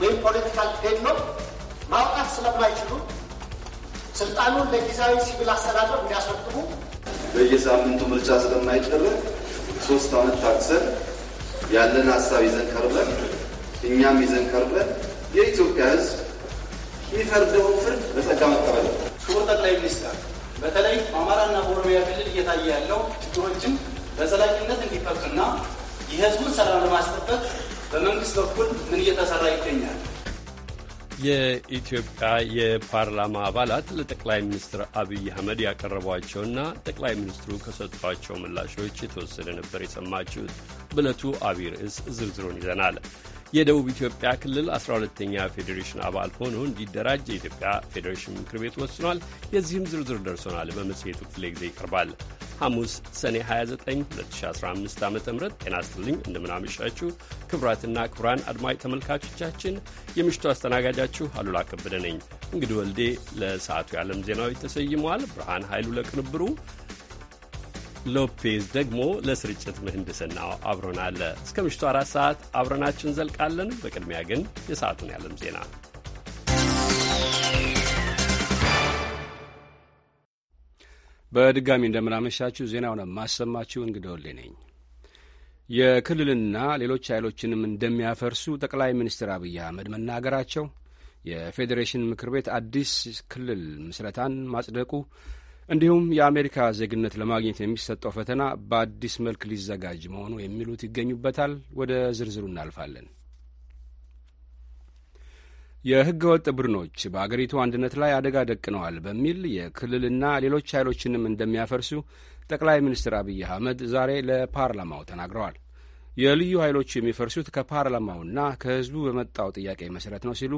ወይም ፖለቲካል ነው ማውጣት ስለማይችሉ ስልጣኑን ለጊዜያዊ ሲቪል አስተዳደር እንዲያስረክቡ በየሳምንቱ ምርጫ ስለማይጨረስ ሶስት ዓመት ታክሰን ያለን ሀሳብ ይዘን ቀርበን እኛም ይዘን ቀርበን የኢትዮጵያ ሕዝብ የሚፈርደውን ፍርድ በጸጋ መቀበል። ክቡር ጠቅላይ ሚኒስትር፣ በተለይ በአማራና በኦሮሚያ ክልል እየታየ ያለው ችግሮችን በዘላቂነት እንዲፈቱና የሕዝቡን ሰላም ለማስጠበቅ በመንግስት በኩል ምን እየተሰራ ይገኛል? የኢትዮጵያ የፓርላማ አባላት ለጠቅላይ ሚኒስትር አብይ አህመድ ያቀረቧቸውና ጠቅላይ ሚኒስትሩ ከሰጧቸው ምላሾች የተወሰደ ነበር የሰማችሁት። በዕለቱ አብይ ርዕስ ዝርዝሩን ይዘናል። የደቡብ ኢትዮጵያ ክልል 12ተኛ ፌዴሬሽን አባል ሆኖ እንዲደራጅ የኢትዮጵያ ፌዴሬሽን ምክር ቤት ወስኗል። የዚህም ዝርዝር ደርሶናል፣ በመጽሔቱ ክፍለ ጊዜ ይቀርባል። ሐሙስ ሰኔ 29 2015 ዓ ም ጤና ስትልኝ እንደምናመሻችሁ ክቡራትና ክቡራን አድማጭ ተመልካቾቻችን የምሽቱ አስተናጋጃችሁ አሉላ ከበደ ነኝ። እንግዲህ ወልዴ ለሰዓቱ የዓለም ዜናዎች ተሰይመዋል። ብርሃን ኃይሉ ለቅንብሩ ሎፔዝ ደግሞ ለስርጭት ምህንድስናው አብሮናለ። እስከ ምሽቱ አራት ሰዓት አብረናችን እንዘልቃለን። በቅድሚያ ግን የሰዓቱን ያለም ዜና በድጋሚ እንደምናመሻችሁ ዜናውን የማሰማችሁ እንግዳ ወልዴ ነኝ። የክልልና ሌሎች ኃይሎችንም እንደሚያፈርሱ ጠቅላይ ሚኒስትር አብይ አህመድ መናገራቸው፣ የፌዴሬሽን ምክር ቤት አዲስ ክልል ምስረታን ማጽደቁ፣ እንዲሁም የአሜሪካ ዜግነት ለማግኘት የሚሰጠው ፈተና በአዲስ መልክ ሊዘጋጅ መሆኑ የሚሉት ይገኙበታል። ወደ ዝርዝሩ እናልፋለን። የህገ ወጥ ቡድኖች በአገሪቱ አንድነት ላይ አደጋ ደቅነዋል በሚል የክልልና ሌሎች ኃይሎችንም እንደሚያፈርሱ ጠቅላይ ሚኒስትር አብይ አህመድ ዛሬ ለፓርላማው ተናግረዋል። የልዩ ኃይሎቹ የሚፈርሱት ከፓርላማውና ከህዝቡ በመጣው ጥያቄ መሠረት ነው ሲሉ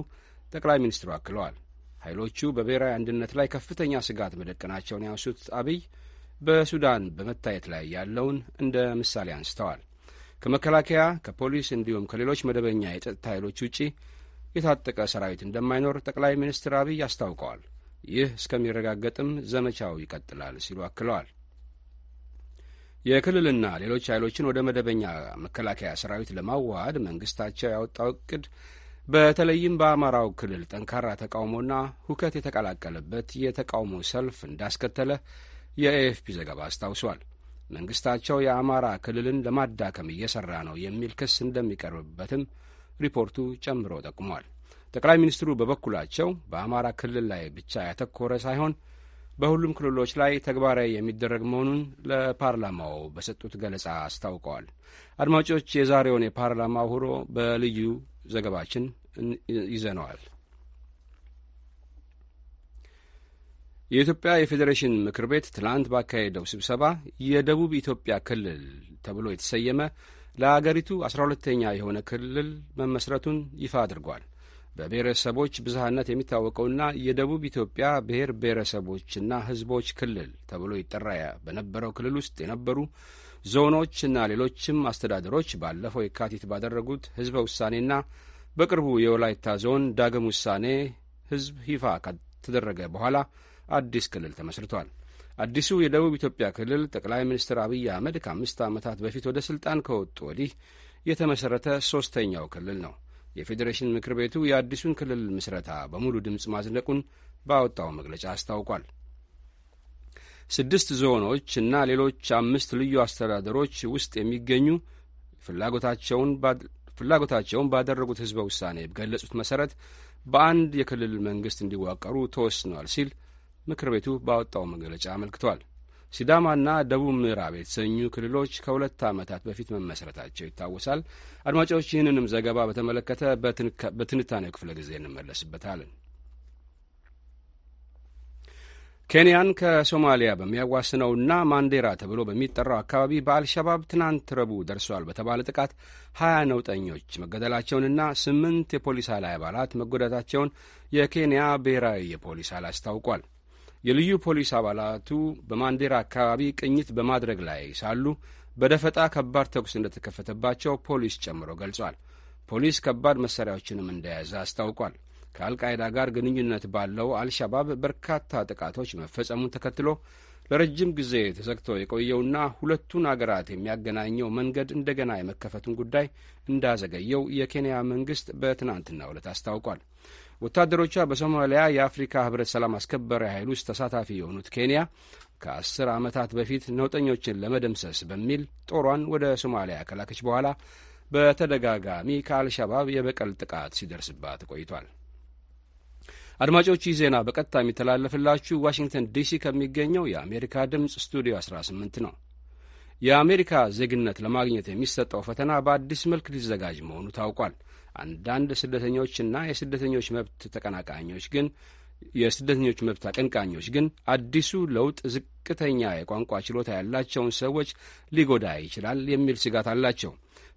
ጠቅላይ ሚኒስትሩ አክለዋል። ኃይሎቹ በብሔራዊ አንድነት ላይ ከፍተኛ ስጋት መደቀናቸውን ያንሱት አብይ በሱዳን በመታየት ላይ ያለውን እንደ ምሳሌ አንስተዋል። ከመከላከያ ከፖሊስ እንዲሁም ከሌሎች መደበኛ የጸጥታ ኃይሎች ውጪ የታጠቀ ሰራዊት እንደማይኖር ጠቅላይ ሚኒስትር አብይ አስታውቀዋል። ይህ እስከሚረጋገጥም ዘመቻው ይቀጥላል ሲሉ አክለዋል። የክልልና ሌሎች ኃይሎችን ወደ መደበኛ መከላከያ ሰራዊት ለማዋሃድ መንግስታቸው ያወጣው እቅድ በተለይም በአማራው ክልል ጠንካራ ተቃውሞና ሁከት የተቀላቀለበት የተቃውሞ ሰልፍ እንዳስከተለ የኤኤፍፒ ዘገባ አስታውሷል። መንግስታቸው የአማራ ክልልን ለማዳከም እየሰራ ነው የሚል ክስ እንደሚቀርብበትም ሪፖርቱ ጨምሮ ጠቁሟል። ጠቅላይ ሚኒስትሩ በበኩላቸው በአማራ ክልል ላይ ብቻ ያተኮረ ሳይሆን በሁሉም ክልሎች ላይ ተግባራዊ የሚደረግ መሆኑን ለፓርላማው በሰጡት ገለጻ አስታውቀዋል። አድማጮች፣ የዛሬውን የፓርላማ ውሎ በልዩ ዘገባችን ይዘነዋል። የኢትዮጵያ የፌዴሬሽን ምክር ቤት ትናንት ባካሄደው ስብሰባ የደቡብ ኢትዮጵያ ክልል ተብሎ የተሰየመ ለአገሪቱ አስራ ሁለተኛ የሆነ ክልል መመስረቱን ይፋ አድርጓል። በብሔረሰቦች ብዝሃነት የሚታወቀውና የደቡብ ኢትዮጵያ ብሔር ብሔረሰቦችና ሕዝቦች ክልል ተብሎ ይጠራ በነበረው ክልል ውስጥ የነበሩ ዞኖችና ሌሎችም አስተዳደሮች ባለፈው የካቲት ባደረጉት ሕዝበ ውሳኔና በቅርቡ የወላይታ ዞን ዳግም ውሳኔ ሕዝብ ይፋ ከተደረገ በኋላ አዲስ ክልል ተመስርቷል። አዲሱ የደቡብ ኢትዮጵያ ክልል ጠቅላይ ሚኒስትር አብይ አህመድ ከአምስት ዓመታት በፊት ወደ ሥልጣን ከወጡ ወዲህ የተመሠረተ ሦስተኛው ክልል ነው። የፌዴሬሽን ምክር ቤቱ የአዲሱን ክልል ምስረታ በሙሉ ድምፅ ማጽደቁን ባወጣው መግለጫ አስታውቋል። ስድስት ዞኖች እና ሌሎች አምስት ልዩ አስተዳደሮች ውስጥ የሚገኙ ፍላጎታቸውን ባደረጉት ህዝበ ውሳኔ በገለጹት መሠረት በአንድ የክልል መንግሥት እንዲዋቀሩ ተወስኗል ሲል ምክር ቤቱ ባወጣው መግለጫ አመልክቷል። ሲዳማና ደቡብ ምዕራብ የተሰኙ ክልሎች ከሁለት ዓመታት በፊት መመስረታቸው ይታወሳል። አድማጮች፣ ይህንንም ዘገባ በተመለከተ በትንታኔው ክፍለ ጊዜ እንመለስበታለን። ኬንያን ከሶማሊያ በሚያዋስነውና ማንዴራ ተብሎ በሚጠራው አካባቢ በአልሸባብ ትናንት ረቡዕ ደርሷል በተባለ ጥቃት ሀያ ነውጠኞች መገደላቸውንና ስምንት የፖሊስ ኃይል አባላት መጎዳታቸውን የኬንያ ብሔራዊ የፖሊስ ኃይል አስታውቋል። የልዩ ፖሊስ አባላቱ በማንዴራ አካባቢ ቅኝት በማድረግ ላይ ሳሉ በደፈጣ ከባድ ተኩስ እንደተከፈተባቸው ፖሊስ ጨምሮ ገልጿል። ፖሊስ ከባድ መሣሪያዎችንም እንደያዘ አስታውቋል። ከአልቃይዳ ጋር ግንኙነት ባለው አልሻባብ በርካታ ጥቃቶች መፈጸሙን ተከትሎ ለረጅም ጊዜ ተዘግቶ የቆየውና ሁለቱን አገራት የሚያገናኘው መንገድ እንደገና የመከፈቱን ጉዳይ እንዳዘገየው የኬንያ መንግሥት በትናንትናው ዕለት አስታውቋል። ወታደሮቿ በሶማሊያ የአፍሪካ ህብረት ሰላም አስከበሪ ኃይል ውስጥ ተሳታፊ የሆኑት ኬንያ ከአስር ዓመታት በፊት ነውጠኞችን ለመደምሰስ በሚል ጦሯን ወደ ሶማሊያ ከላከች በኋላ በተደጋጋሚ ከአልሸባብ የበቀል ጥቃት ሲደርስባት ቆይቷል። አድማጮች ይህ ዜና በቀጥታ የሚተላለፍላችሁ ዋሽንግተን ዲሲ ከሚገኘው የአሜሪካ ድምፅ ስቱዲዮ 18 ነው። የአሜሪካ ዜግነት ለማግኘት የሚሰጠው ፈተና በአዲስ መልክ ሊዘጋጅ መሆኑ ታውቋል። አንዳንድ ስደተኞችና የስደተኞች መብት ተቀናቃኞች ግን የስደተኞች መብት አቀንቃኞች ግን አዲሱ ለውጥ ዝቅተኛ የቋንቋ ችሎታ ያላቸውን ሰዎች ሊጎዳ ይችላል የሚል ስጋት አላቸው።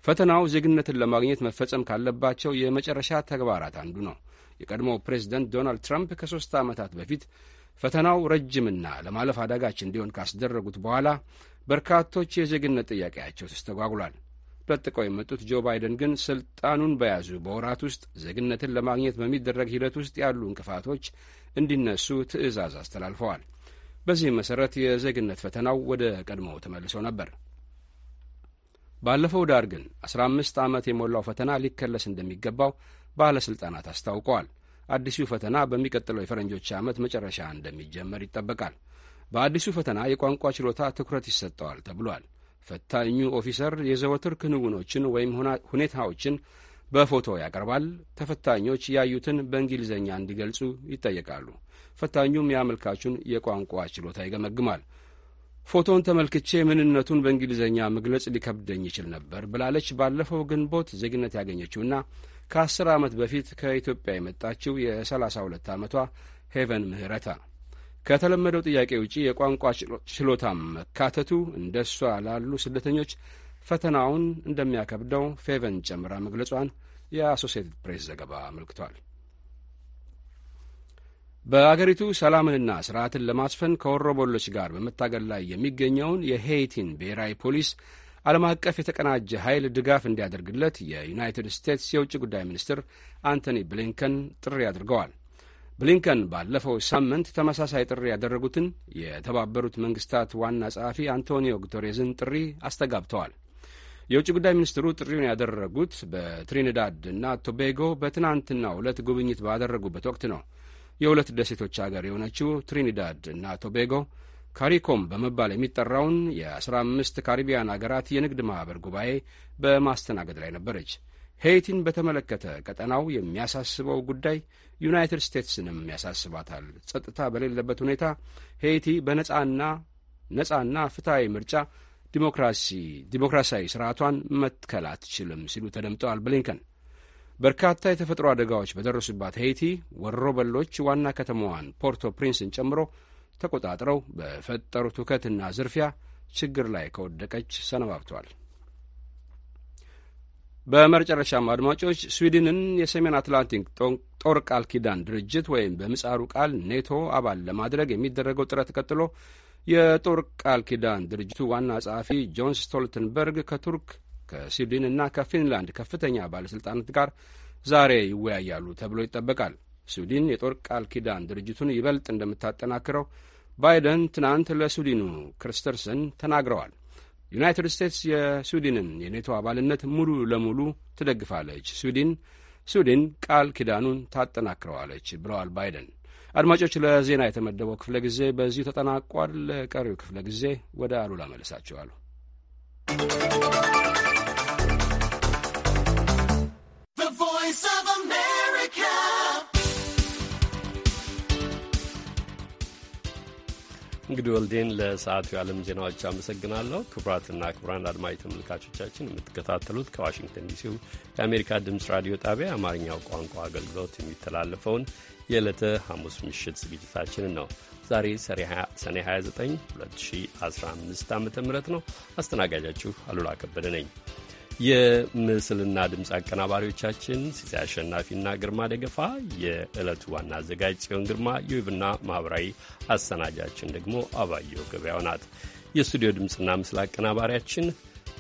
ፈተናው ዜግነትን ለማግኘት መፈጸም ካለባቸው የመጨረሻ ተግባራት አንዱ ነው። የቀድሞው ፕሬዚደንት ዶናልድ ትራምፕ ከሦስት ዓመታት በፊት ፈተናው ረጅምና ለማለፍ አዳጋች እንዲሆን ካስደረጉት በኋላ በርካቶች የዜግነት ጥያቄያቸው ተስተጓጉሏል። ለጥቀው የመጡት ጆ ባይደን ግን ስልጣኑን በያዙ በወራት ውስጥ ዜግነትን ለማግኘት በሚደረግ ሂደት ውስጥ ያሉ እንቅፋቶች እንዲነሱ ትዕዛዝ አስተላልፈዋል። በዚህም መሠረት የዜግነት ፈተናው ወደ ቀድሞው ተመልሶ ነበር። ባለፈው ዳር ግን 15 ዓመት የሞላው ፈተና ሊከለስ እንደሚገባው ባለሥልጣናት አስታውቀዋል። አዲሱ ፈተና በሚቀጥለው የፈረንጆች ዓመት መጨረሻ እንደሚጀመር ይጠበቃል። በአዲሱ ፈተና የቋንቋ ችሎታ ትኩረት ይሰጠዋል ተብሏል። ፈታኙ ኦፊሰር የዘወትር ክንውኖችን ወይም ሁኔታዎችን በፎቶ ያቀርባል። ተፈታኞች ያዩትን በእንግሊዝኛ እንዲገልጹ ይጠየቃሉ። ፈታኙም የአመልካቹን የቋንቋ ችሎታ ይገመግማል። ፎቶውን ተመልክቼ ምንነቱን በእንግሊዝኛ መግለጽ ሊከብደኝ ይችል ነበር ብላለች። ባለፈው ግንቦት ዜግነት ያገኘችውና ከአስር ዓመት በፊት ከኢትዮጵያ የመጣችው የ32 ዓመቷ ሄቨን ምህረታ ከተለመደው ጥያቄ ውጪ የቋንቋ ችሎታም መካተቱ እንደ እሷ ላሉ ስደተኞች ፈተናውን እንደሚያከብደው ፌቨን ጨምራ መግለጿን የአሶሴትድ ፕሬስ ዘገባ አመልክቷል። በአገሪቱ ሰላምንና ስርዓትን ለማስፈን ከወሮበሎች ጋር በመታገል ላይ የሚገኘውን የሄይቲን ብሔራዊ ፖሊስ ዓለም አቀፍ የተቀናጀ ኃይል ድጋፍ እንዲያደርግለት የዩናይትድ ስቴትስ የውጭ ጉዳይ ሚኒስትር አንቶኒ ብሊንከን ጥሪ አድርገዋል። ብሊንከን ባለፈው ሳምንት ተመሳሳይ ጥሪ ያደረጉትን የተባበሩት መንግስታት ዋና ጸሐፊ አንቶኒዮ ጉተሬዝን ጥሪ አስተጋብተዋል። የውጭ ጉዳይ ሚኒስትሩ ጥሪውን ያደረጉት በትሪኒዳድ እና ቶቤጎ በትናንትናው ዕለት ጉብኝት ባደረጉበት ወቅት ነው። የሁለት ደሴቶች አገር የሆነችው ትሪኒዳድ እና ቶቤጎ ካሪኮም በመባል የሚጠራውን የ15 ካሪቢያን አገራት የንግድ ማኅበር ጉባኤ በማስተናገድ ላይ ነበረች። ሄይቲን በተመለከተ ቀጠናው የሚያሳስበው ጉዳይ ዩናይትድ ስቴትስንም ያሳስባታል። ጸጥታ በሌለበት ሁኔታ ሄይቲ በነጻና ነጻና ፍትሐዊ ምርጫ ዲሞክራሲ ዲሞክራሲያዊ ስርዓቷን መትከል አትችልም ሲሉ ተደምጠዋል ብሊንከን። በርካታ የተፈጥሮ አደጋዎች በደረሱባት ሄይቲ ወሮ በሎች ዋና ከተማዋን ፖርቶ ፕሪንስን ጨምሮ ተቆጣጥረው በፈጠሩት ሁከትና ዝርፊያ ችግር ላይ ከወደቀች ሰነባብተዋል። በመጨረሻም አድማጮች ስዊድንን የሰሜን አትላንቲክ ጦር ቃል ኪዳን ድርጅት ወይም በምጻሩ ቃል ኔቶ አባል ለማድረግ የሚደረገው ጥረት ቀጥሎ የጦር ቃል ኪዳን ድርጅቱ ዋና ጸሐፊ ጆን ስቶልተንበርግ ከቱርክ ከስዊድን እና ከፊንላንድ ከፍተኛ ባለሥልጣናት ጋር ዛሬ ይወያያሉ ተብሎ ይጠበቃል። ስዊድን የጦር ቃል ኪዳን ድርጅቱን ይበልጥ እንደምታጠናክረው ባይደን ትናንት ለስዊድኑ ክርስተርሰን ተናግረዋል። ዩናይትድ ስቴትስ የስዊድንን የኔቶ አባልነት ሙሉ ለሙሉ ትደግፋለች፣ ስዊድን ስዊድን ቃል ኪዳኑን ታጠናክረዋለች ብለዋል ባይደን። አድማጮች፣ ለዜና የተመደበው ክፍለ ጊዜ በዚሁ ተጠናቋል። ለቀሪው ክፍለ ጊዜ ወደ አሉላ መለሳቸዋሉ። እንግዲህ ወልዴን ለሰዓቱ የዓለም ዜናዎች አመሰግናለሁ። ክቡራትና ክቡራን አድማጭ ተመልካቾቻችን የምትከታተሉት ከዋሽንግተን ዲሲው የአሜሪካ ድምፅ ራዲዮ ጣቢያ የአማርኛው ቋንቋ አገልግሎት የሚተላለፈውን የዕለተ ሐሙስ ምሽት ዝግጅታችንን ነው። ዛሬ ሰኔ 29 2015 ዓ ም ነው። አስተናጋጃችሁ አሉላ ከበደ ነኝ። የምስልና ድምፅ አቀናባሪዎቻችን ሲሳይ አሸናፊና ግርማ ደገፋ፣ የዕለቱ ዋና አዘጋጅ ጽዮን ግርማ፣ የዌብና ማኅበራዊ አሰናጃችን ደግሞ አባየሁ ገበያው ናት። የስቱዲዮ ድምፅና ምስል አቀናባሪያችን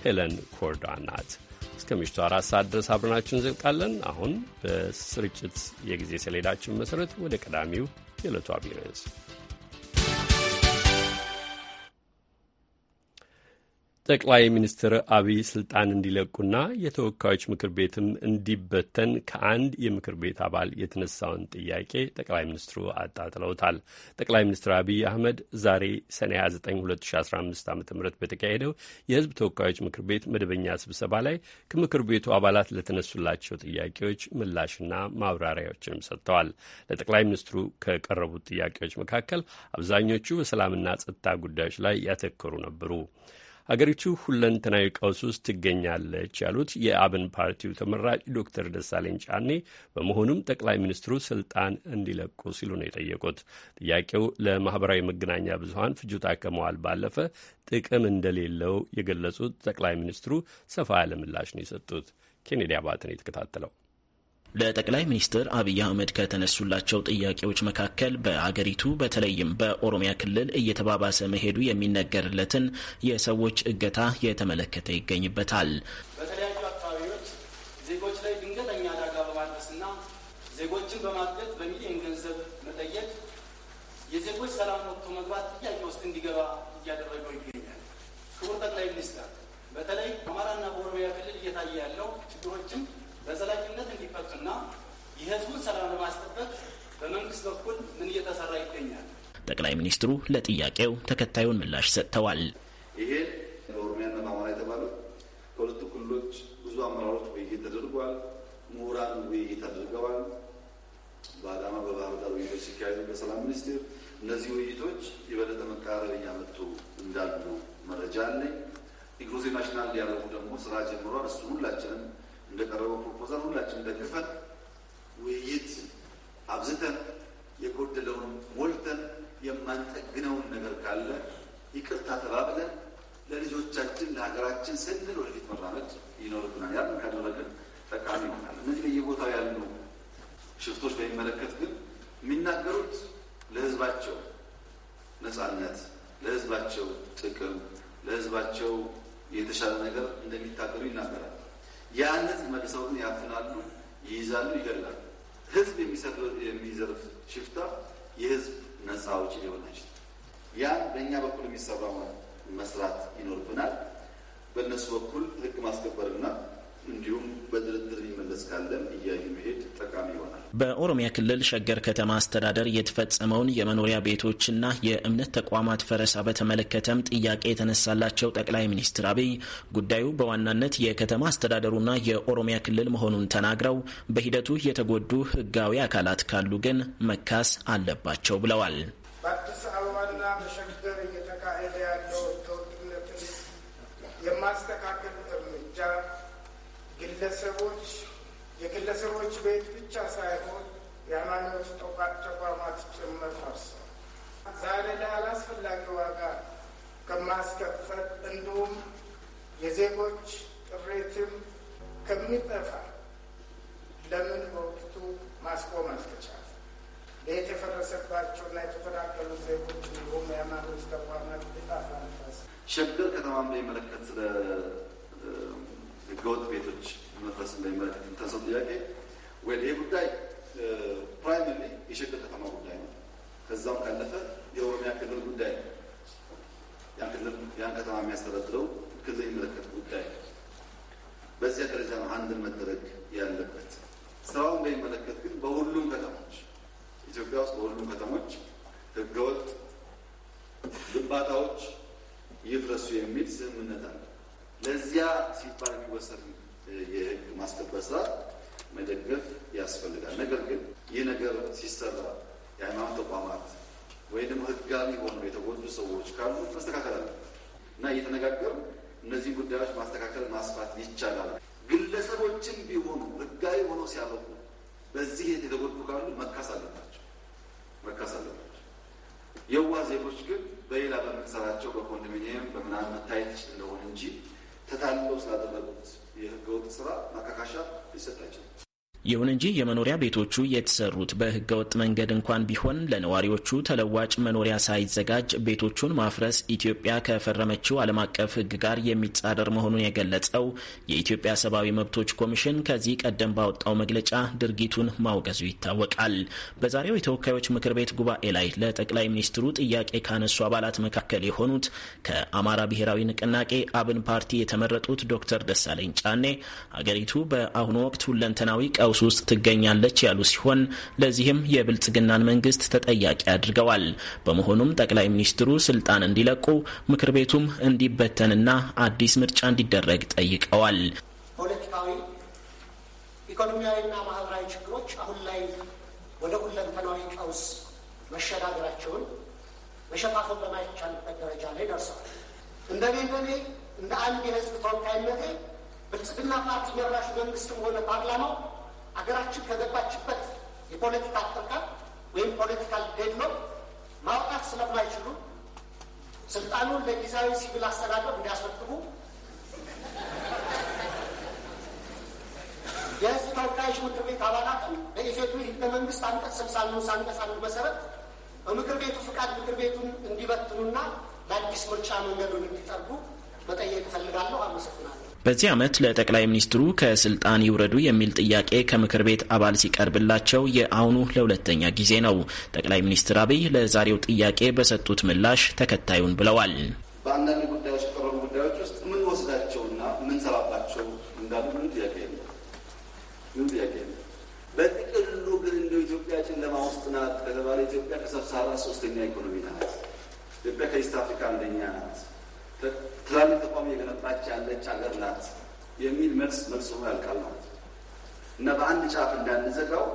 ሄለን ኮርዳ ናት። እስከ ምሽቱ አራት ሰዓት ድረስ አብረናችሁ እንዘልቃለን አሁን በስርጭት የጊዜ ሰሌዳችን መሠረት ወደ ቀዳሚው የዕለቱ አብይ ርዕስ ጠቅላይ ሚኒስትር አብይ ስልጣን እንዲለቁና የተወካዮች ምክር ቤትም እንዲበተን ከአንድ የምክር ቤት አባል የተነሳውን ጥያቄ ጠቅላይ ሚኒስትሩ አጣጥለውታል። ጠቅላይ ሚኒስትር አብይ አህመድ ዛሬ ሰኔ 29 2015 ዓ ም በተካሄደው የህዝብ ተወካዮች ምክር ቤት መደበኛ ስብሰባ ላይ ከምክር ቤቱ አባላት ለተነሱላቸው ጥያቄዎች ምላሽና ማብራሪያዎችንም ሰጥተዋል። ለጠቅላይ ሚኒስትሩ ከቀረቡት ጥያቄዎች መካከል አብዛኞቹ በሰላምና ጸጥታ ጉዳዮች ላይ ያተኮሩ ነበሩ። ሀገሪቱ ሁለንተናዊ ቀውስ ውስጥ ትገኛለች ያሉት የአብን ፓርቲው ተመራጭ ዶክተር ደሳለኝ ጫኔ፣ በመሆኑም ጠቅላይ ሚኒስትሩ ስልጣን እንዲለቁ ሲሉ ነው የጠየቁት። ጥያቄው ለማህበራዊ መገናኛ ብዙሀን ፍጆታ ከመዋል ባለፈ ጥቅም እንደሌለው የገለጹት ጠቅላይ ሚኒስትሩ ሰፋ ያለ ምላሽ ነው የሰጡት። ኬኔዲ አባትን የተከታተለው ለጠቅላይ ሚኒስትር አብይ አህመድ ከተነሱላቸው ጥያቄዎች መካከል በአገሪቱ በተለይም በኦሮሚያ ክልል እየተባባሰ መሄዱ የሚነገርለትን የሰዎች እገታ የተመለከተ ይገኝበታል። በተለያዩ አካባቢዎች ዜጎች ላይ ድንገተኛ አደጋ በማድረስና ዜጎችን በማገት በሚሊዮን ገንዘብ መጠየቅ የዜጎች ሰላም ወጥቶ መግባት ጥያቄ ውስጥ እንዲገባ እያደረገው ይገኛል። ክቡር ጠቅላይ ሚኒስትር፣ በተለይ አማራና በኦሮሚያ ክልል እየታየ ያለው ችግሮችም በዘላቂነት እንዲፈቱና የህዝቡን ሰላም ለማስጠበቅ በመንግስት በኩል ምን እየተሰራ ይገኛል? ጠቅላይ ሚኒስትሩ ለጥያቄው ተከታዩን ምላሽ ሰጥተዋል። ይሄ ኦሮሚያና በአማራ የተባሉት ከሁለቱ ክልሎች ብዙ አመራሮች ውይይት ተደርጓል። ምሁራን ውይይት አድርገዋል። በአዳማ በባህር ዳር ውይይቶች ሲካሄዱ በሰላም ሚኒስቴር እነዚህ ውይይቶች የበለጠ መቃረብ እያመጡ እንዳሉ መረጃ አለኝ። ኢንክሉሲቭ ናሽናል ዲያሎጉ ደግሞ ስራ ጀምሯል። እሱ ሁላችንም እንደቀረበው ፕሮፖዛል ሁላችን ደግፈን ውይይት አብዝተን የጎደለውን ሞልተን የማንጠግነውን ነገር ካለ ይቅርታ ተባብለን ለልጆቻችን ለሀገራችን ስንል ወደፊት መራመድ ይኖርብናል። ያን ካደረግን ጠቃሚ ይሆናል። እነዚህ በየቦታው ያሉ ሽፍቶች በሚመለከት ግን የሚናገሩት ለህዝባቸው ነጻነት፣ ለህዝባቸው ጥቅም፣ ለህዝባቸው የተሻለ ነገር እንደሚታገሉ ይናገራል። ያን ህዝብ መልሰው ግን ያፍናሉ፣ ይይዛሉ፣ ይገላሉ። ህዝብ የሚዘርፍ ሽፍታ የህዝብ ነፃ አውጪ ሊሆን አይችልም። ያን በእኛ በኩል የሚሰራው መስራት ይኖርብናል። በእነሱ በኩል ህግ በኦሮሚያ ክልል ሸገር ከተማ አስተዳደር የተፈጸመውን የመኖሪያ ቤቶችና የእምነት ተቋማት ፈረሳ በተመለከተም ጥያቄ የተነሳላቸው ጠቅላይ ሚኒስትር አብይ ጉዳዩ በዋናነት የከተማ አስተዳደሩና የኦሮሚያ ክልል መሆኑን ተናግረው በሂደቱ የተጎዱ ሕጋዊ አካላት ካሉ ግን መካስ አለባቸው ብለዋል። በአዲስ አበባና በሸገር እየተካሄደ ያለው የማስተካከል እርምጃ ግለሰቦች የግለሰቦች ቤት ብቻ ሳይሆን የሃይማኖት ተቋማት ጭምር ፈርሰዋል። ዛሬ ላይ አላስፈላጊ ዋጋ ከማስከፈል እንዲሁም የዜጎች ቅሬትም ከሚጠፋ ለምን በወቅቱ ማስቆም አልተቻለ? ቤት የፈረሰባቸውና የተፈናቀሉ ዜጎች እንዲሁም የሃይማኖት ተቋማት ጣፋ ሸገር ከተማን በሚመለከት ስለ ህገወጥ ቤቶች መድረስ እንደሚመለከት የሚታሰብ ጥያቄ ወይ ይህ ጉዳይ ፕራይመሪ የሸገር ከተማ ጉዳይ ነው። ከዛም ካለፈ የኦሮሚያ ክልል ጉዳይ ነው። ያን ከተማ የሚያስተዳድረው ክልል የሚመለከት ጉዳይ ነው። በዚያ ደረጃ ነው አንድ መደረግ ያለበት። ስራው እንደሚመለከት ግን በሁሉም ከተሞች ኢትዮጵያ ውስጥ በሁሉም ከተሞች ህገወጥ ግንባታዎች ይፍረሱ የሚል ስምምነት አለ። ለዚያ ሲባል የሚወሰድ የህግ ማስከበር ስራ መደገፍ ያስፈልጋል። ነገር ግን ይህ ነገር ሲሰራ የሃይማኖት ተቋማት ወይም ህጋዊ ሆኑ የተጎዱ ሰዎች ካሉ መስተካከል አለ እና እየተነጋገሩ እነዚህ ጉዳዮች ማስተካከል ማስፋት ይቻላል። ግለሰቦችም ቢሆኑ ህጋዊ ሆነው ሲያበቁ በዚህ የተጎዱ ካሉ መካስ አለባቸው መካስ አለባቸው። የዋ ዜጎች ግን በሌላ በምንሰራቸው በኮንዶሚኒየም በምናምን መታየት እንደሆነ እንጂ ተታለው ስላደረጉት የህገወጥ ስራ ማካካሻ ሊሰጥ አይችልም። ይሁን እንጂ የመኖሪያ ቤቶቹ የተሰሩት በህገወጥ መንገድ እንኳን ቢሆን ለነዋሪዎቹ ተለዋጭ መኖሪያ ሳይዘጋጅ ቤቶቹን ማፍረስ ኢትዮጵያ ከፈረመችው ዓለም አቀፍ ህግ ጋር የሚጻረር መሆኑን የገለጸው የኢትዮጵያ ሰብአዊ መብቶች ኮሚሽን ከዚህ ቀደም ባወጣው መግለጫ ድርጊቱን ማውገዙ ይታወቃል። በዛሬው የተወካዮች ምክር ቤት ጉባኤ ላይ ለጠቅላይ ሚኒስትሩ ጥያቄ ካነሱ አባላት መካከል የሆኑት ከአማራ ብሔራዊ ንቅናቄ አብን ፓርቲ የተመረጡት ዶክተር ደሳለኝ ጫኔ አገሪቱ በአሁኑ ወቅት ሁለንተናዊ ቀ ቀውስ ውስጥ ትገኛለች ያሉ ሲሆን ለዚህም የብልጽግናን መንግስት ተጠያቂ አድርገዋል። በመሆኑም ጠቅላይ ሚኒስትሩ ስልጣን እንዲለቁ ምክር ቤቱም እንዲበተንና አዲስ ምርጫ እንዲደረግ ጠይቀዋል። ፖለቲካዊ፣ ኢኮኖሚያዊና ማህበራዊ ችግሮች አሁን ላይ ወደ ሁለንተናዊ ቀውስ መሸጋገራቸውን መሸፋፈን በማይቻልበት ደረጃ ላይ ደርሰዋል። እንደኔ እንደኔ እንደ አንድ የህዝብ ተወካይነቴ ብልጽግና ፓርቲ መራሹ መንግስትም ሆነ ፓርላማው አገራችን ከገባችበት የፖለቲካ ጥርቃት ወይም ፖለቲካል ዴድሎክ ማውጣት ስለማይችሉ ስልጣኑን ለጊዜያዊ ሲቪል አስተዳደር እንዲያስረክቡ የህዝብ ተወካዮች ምክር ቤት አባላትን በኢፌቱ ህገ መንግስት አንቀጽ ስልሳ ንዑስ አንቀጽ አንድ መሰረት በምክር ቤቱ ፍቃድ ምክር ቤቱን እንዲበትኑና ለአዲስ ምርጫ መንገዱን እንዲጠርጉ መጠየቅ እፈልጋለሁ። አመሰግናለሁ። በዚህ ዓመት ለጠቅላይ ሚኒስትሩ ከስልጣን ይውረዱ የሚል ጥያቄ ከምክር ቤት አባል ሲቀርብላቸው የአሁኑ ለሁለተኛ ጊዜ ነው። ጠቅላይ ሚኒስትር አብይ ለዛሬው ጥያቄ በሰጡት ምላሽ ተከታዩን ብለዋል። በአንዳንድ ጉዳዮች የቀረቡ ጉዳዮች ውስጥ ምን ወስዳቸውና ምን ሰራባቸው እንዳሉ ምን ጥያቄ የለም፣ ምን ጥያቄ የለም። በጥቅሉ ግን እንደ ኢትዮጵያ ጨለማ ውስጥ ናት ከተባለ ኢትዮጵያ ከሰብሳራ ሶስተኛ ኢኮኖሚ ናት። ኢትዮጵያ ከኢስት አፍሪካ አንደኛ ናት። ትላልቅ ተቋም የገነባች ያለች ሀገር ናት የሚል መልስ መልሶ ያልቃል ማለት ነው እና በአንድ ጫፍ እንዳንዘጋው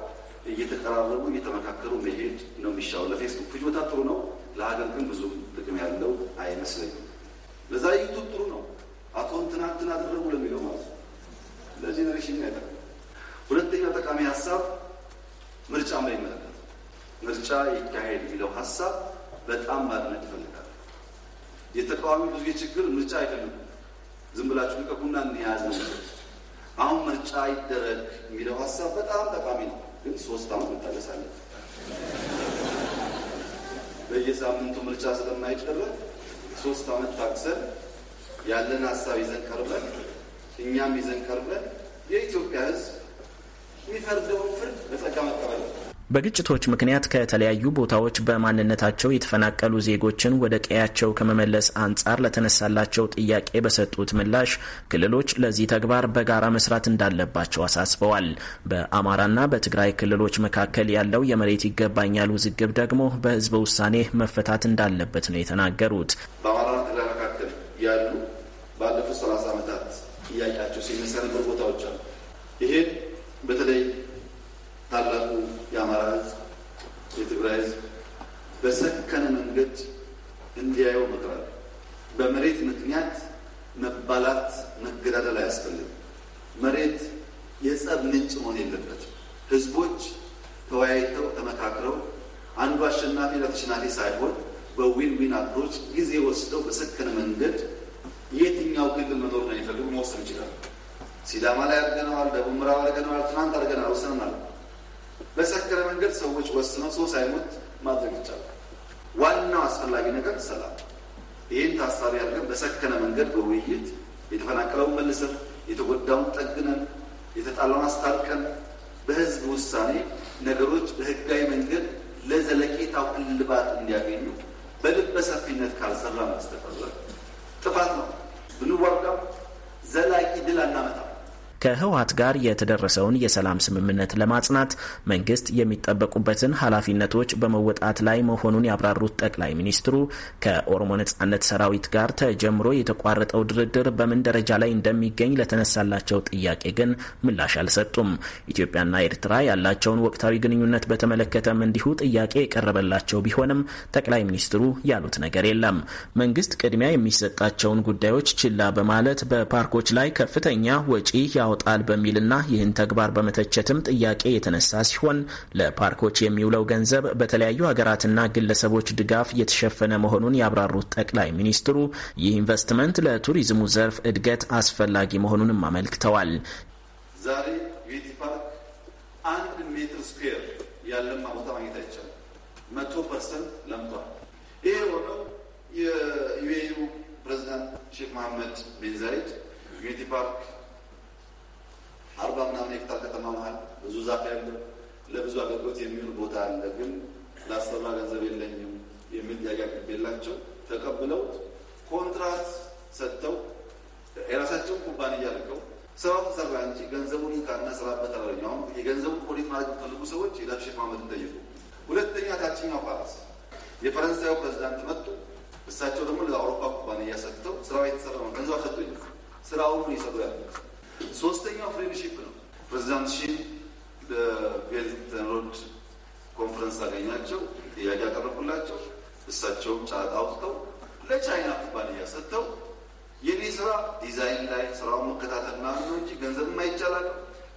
እየተቀራረቡ እየተመካከሩ መሄድ ነው የሚሻው። ለፌስቡክ ፍጆታ ጥሩ ነው፣ ለሀገር ግን ብዙ ጥቅም ያለው አይመስለኝም። ለዛ ዩቱብ ጥሩ ነው፣ አቶን እንትና አደረጉ ለሚለው ማለት ነው። ለጄኔሬሽን ያጠ ሁለተኛው ጠቃሚ ሀሳብ ምርጫ ላይ ይመለከት ምርጫ ይካሄድ የሚለው ሀሳብ በጣም ማድነቅ የተቃዋሚ ብዙ ችግር ምርጫ አይደለም። ዝም ብላችሁ ልቀቁና እንያዝ ነው። አሁን ምርጫ ይደረግ የሚለው ሀሳብ በጣም ጠቃሚ ነው፣ ግን ሶስት አመት እንታገሳለን። በየሳምንቱ ምርጫ ስለማይደረግ ሶስት አመት ታግሰን ያለን ሀሳብ ይዘን ቀርበን እኛም ይዘን ቀርበን የኢትዮጵያ ሕዝብ የሚፈርደውን ፍርድ በጸጋ መቀበል በግጭቶች ምክንያት ከተለያዩ ቦታዎች በማንነታቸው የተፈናቀሉ ዜጎችን ወደ ቀያቸው ከመመለስ አንጻር ለተነሳላቸው ጥያቄ በሰጡት ምላሽ ክልሎች ለዚህ ተግባር በጋራ መስራት እንዳለባቸው አሳስበዋል። በአማራና በትግራይ ክልሎች መካከል ያለው የመሬት ይገባኛል ውዝግብ ደግሞ በህዝበ ውሳኔ መፈታት እንዳለበት ነው የተናገሩት። በአማራና ትግራይ መካከል ያሉ ባለፉት ሰላሳ ዓመታት ጥያቄያቸው ሲነሳ ነበር ቦታዎች አሉ። ይሄ በተለይ ታላቁ የአማራ ህዝብ የትግራይ ህዝብ በሰከነ መንገድ እንዲያየው መቅረብ በመሬት ምክንያት መባላት፣ መገዳደል አያስፈልግም። መሬት የጸብ ምንጭ መሆን የለበትም። ህዝቦች ተወያይተው ተመካክረው አንዱ አሸናፊ ለተሸናፊ ሳይሆን በዊን ዊን አፕሮች ጊዜ ወስደው በሰከነ መንገድ የትኛው ክልል መኖር ነው የሚፈልጉ መወሰን ይችላል። ሲዳማ ላይ አድርገነዋል፣ ደቡብ ምዕራብ አድርገነዋል፣ ትናንት አድርገናል፣ ወሰንናል። በሰከረ መንገድ ሰዎች ወስነው ሰው ሳይሞት ማድረግ ይቻላል። ዋናው አስፈላጊ ነገር ሰላም። ይህን ታሳቢ አድርገን በሰከነ መንገድ በውይይት የተፈናቀለውን መልሰን፣ የተጎዳውን ጠግነን፣ የተጣላውን አስታርቀን በህዝብ ውሳኔ ነገሮች በህጋዊ መንገድ ለዘለቄታው እልባት እንዲያገኙ በልበ ሰፊነት ካልሰራ ማስተፈረ ጥፋት ነው። ብንዋጋም ዘላቂ ድል አናመጣም። ከህወሀት ጋር የተደረሰውን የሰላም ስምምነት ለማጽናት መንግስት የሚጠበቁበትን ኃላፊነቶች በመወጣት ላይ መሆኑን ያብራሩት ጠቅላይ ሚኒስትሩ ከኦሮሞ ነጻነት ሰራዊት ጋር ተጀምሮ የተቋረጠው ድርድር በምን ደረጃ ላይ እንደሚገኝ ለተነሳላቸው ጥያቄ ግን ምላሽ አልሰጡም። ኢትዮጵያና ኤርትራ ያላቸውን ወቅታዊ ግንኙነት በተመለከተም እንዲሁ ጥያቄ የቀረበላቸው ቢሆንም ጠቅላይ ሚኒስትሩ ያሉት ነገር የለም። መንግስት ቅድሚያ የሚሰጣቸውን ጉዳዮች ችላ በማለት በፓርኮች ላይ ከፍተኛ ወጪ ያወ መጣል በሚልና ይህን ተግባር በመተቸትም ጥያቄ የተነሳ ሲሆን ለፓርኮች የሚውለው ገንዘብ በተለያዩ ሀገራትና ግለሰቦች ድጋፍ የተሸፈነ መሆኑን ያብራሩት ጠቅላይ ሚኒስትሩ ይህ ኢንቨስትመንት ለቱሪዝሙ ዘርፍ እድገት አስፈላጊ መሆኑንም አመልክተዋል። ዛሬ ቪቲ ፓርክ አንድ ሜትር ስኩዌር ያለማ ቦታ ማግኘት አይቻልም። መቶ ፐርሰንት ለምቷል። ይሄ የዩኤዩ ፕሬዚዳንት ሼክ መሐመድ ቪቲ ፓርክ አርባ ምናምን ሄክታር ከተማ መሀል ብዙ ዛፍ ያለ ለብዙ አገልግሎት የሚውል ቦታ አለ፣ ግን ለአሰራ ገንዘብ የለኝም የሚል ጥያቄ አቅርቤላቸው ተቀብለው ኮንትራት ሰጥተው የራሳቸውን ኩባንያ ልከው ስራው ተሰራ እንጂ ገንዘቡን ካና ስራበት አላሉኝ። አሁን የገንዘቡን ኦዲት ማለት የምትፈልጉ ሰዎች የዳር ማመድ ማመድን ሁለተኛ ታችኛው ፓራስ የፈረንሳዩ ፕሬዚዳንት መጡ። እሳቸው ደግሞ ለአውሮፓ ኩባንያ ሰጥተው ስራው የተሰራ ነው ገንዘብ ሰጡኝ። ስራውን ይሰሩ ያሉት ሶስተኛው ፍሬንድሺፕ ነው። ፕሬዚዳንት ሺ በቤልተን ሮድ ኮንፈረንስ አገኛቸው፣ ጥያቄ አቀረቡላቸው እሳቸውም ጫጣ አውጥተው ለቻይና ኩባንያ ሰጥተው የኔ ስራ ዲዛይን ላይ ስራውን መከታተል ነው እንጂ ገንዘብ ማይቻላል።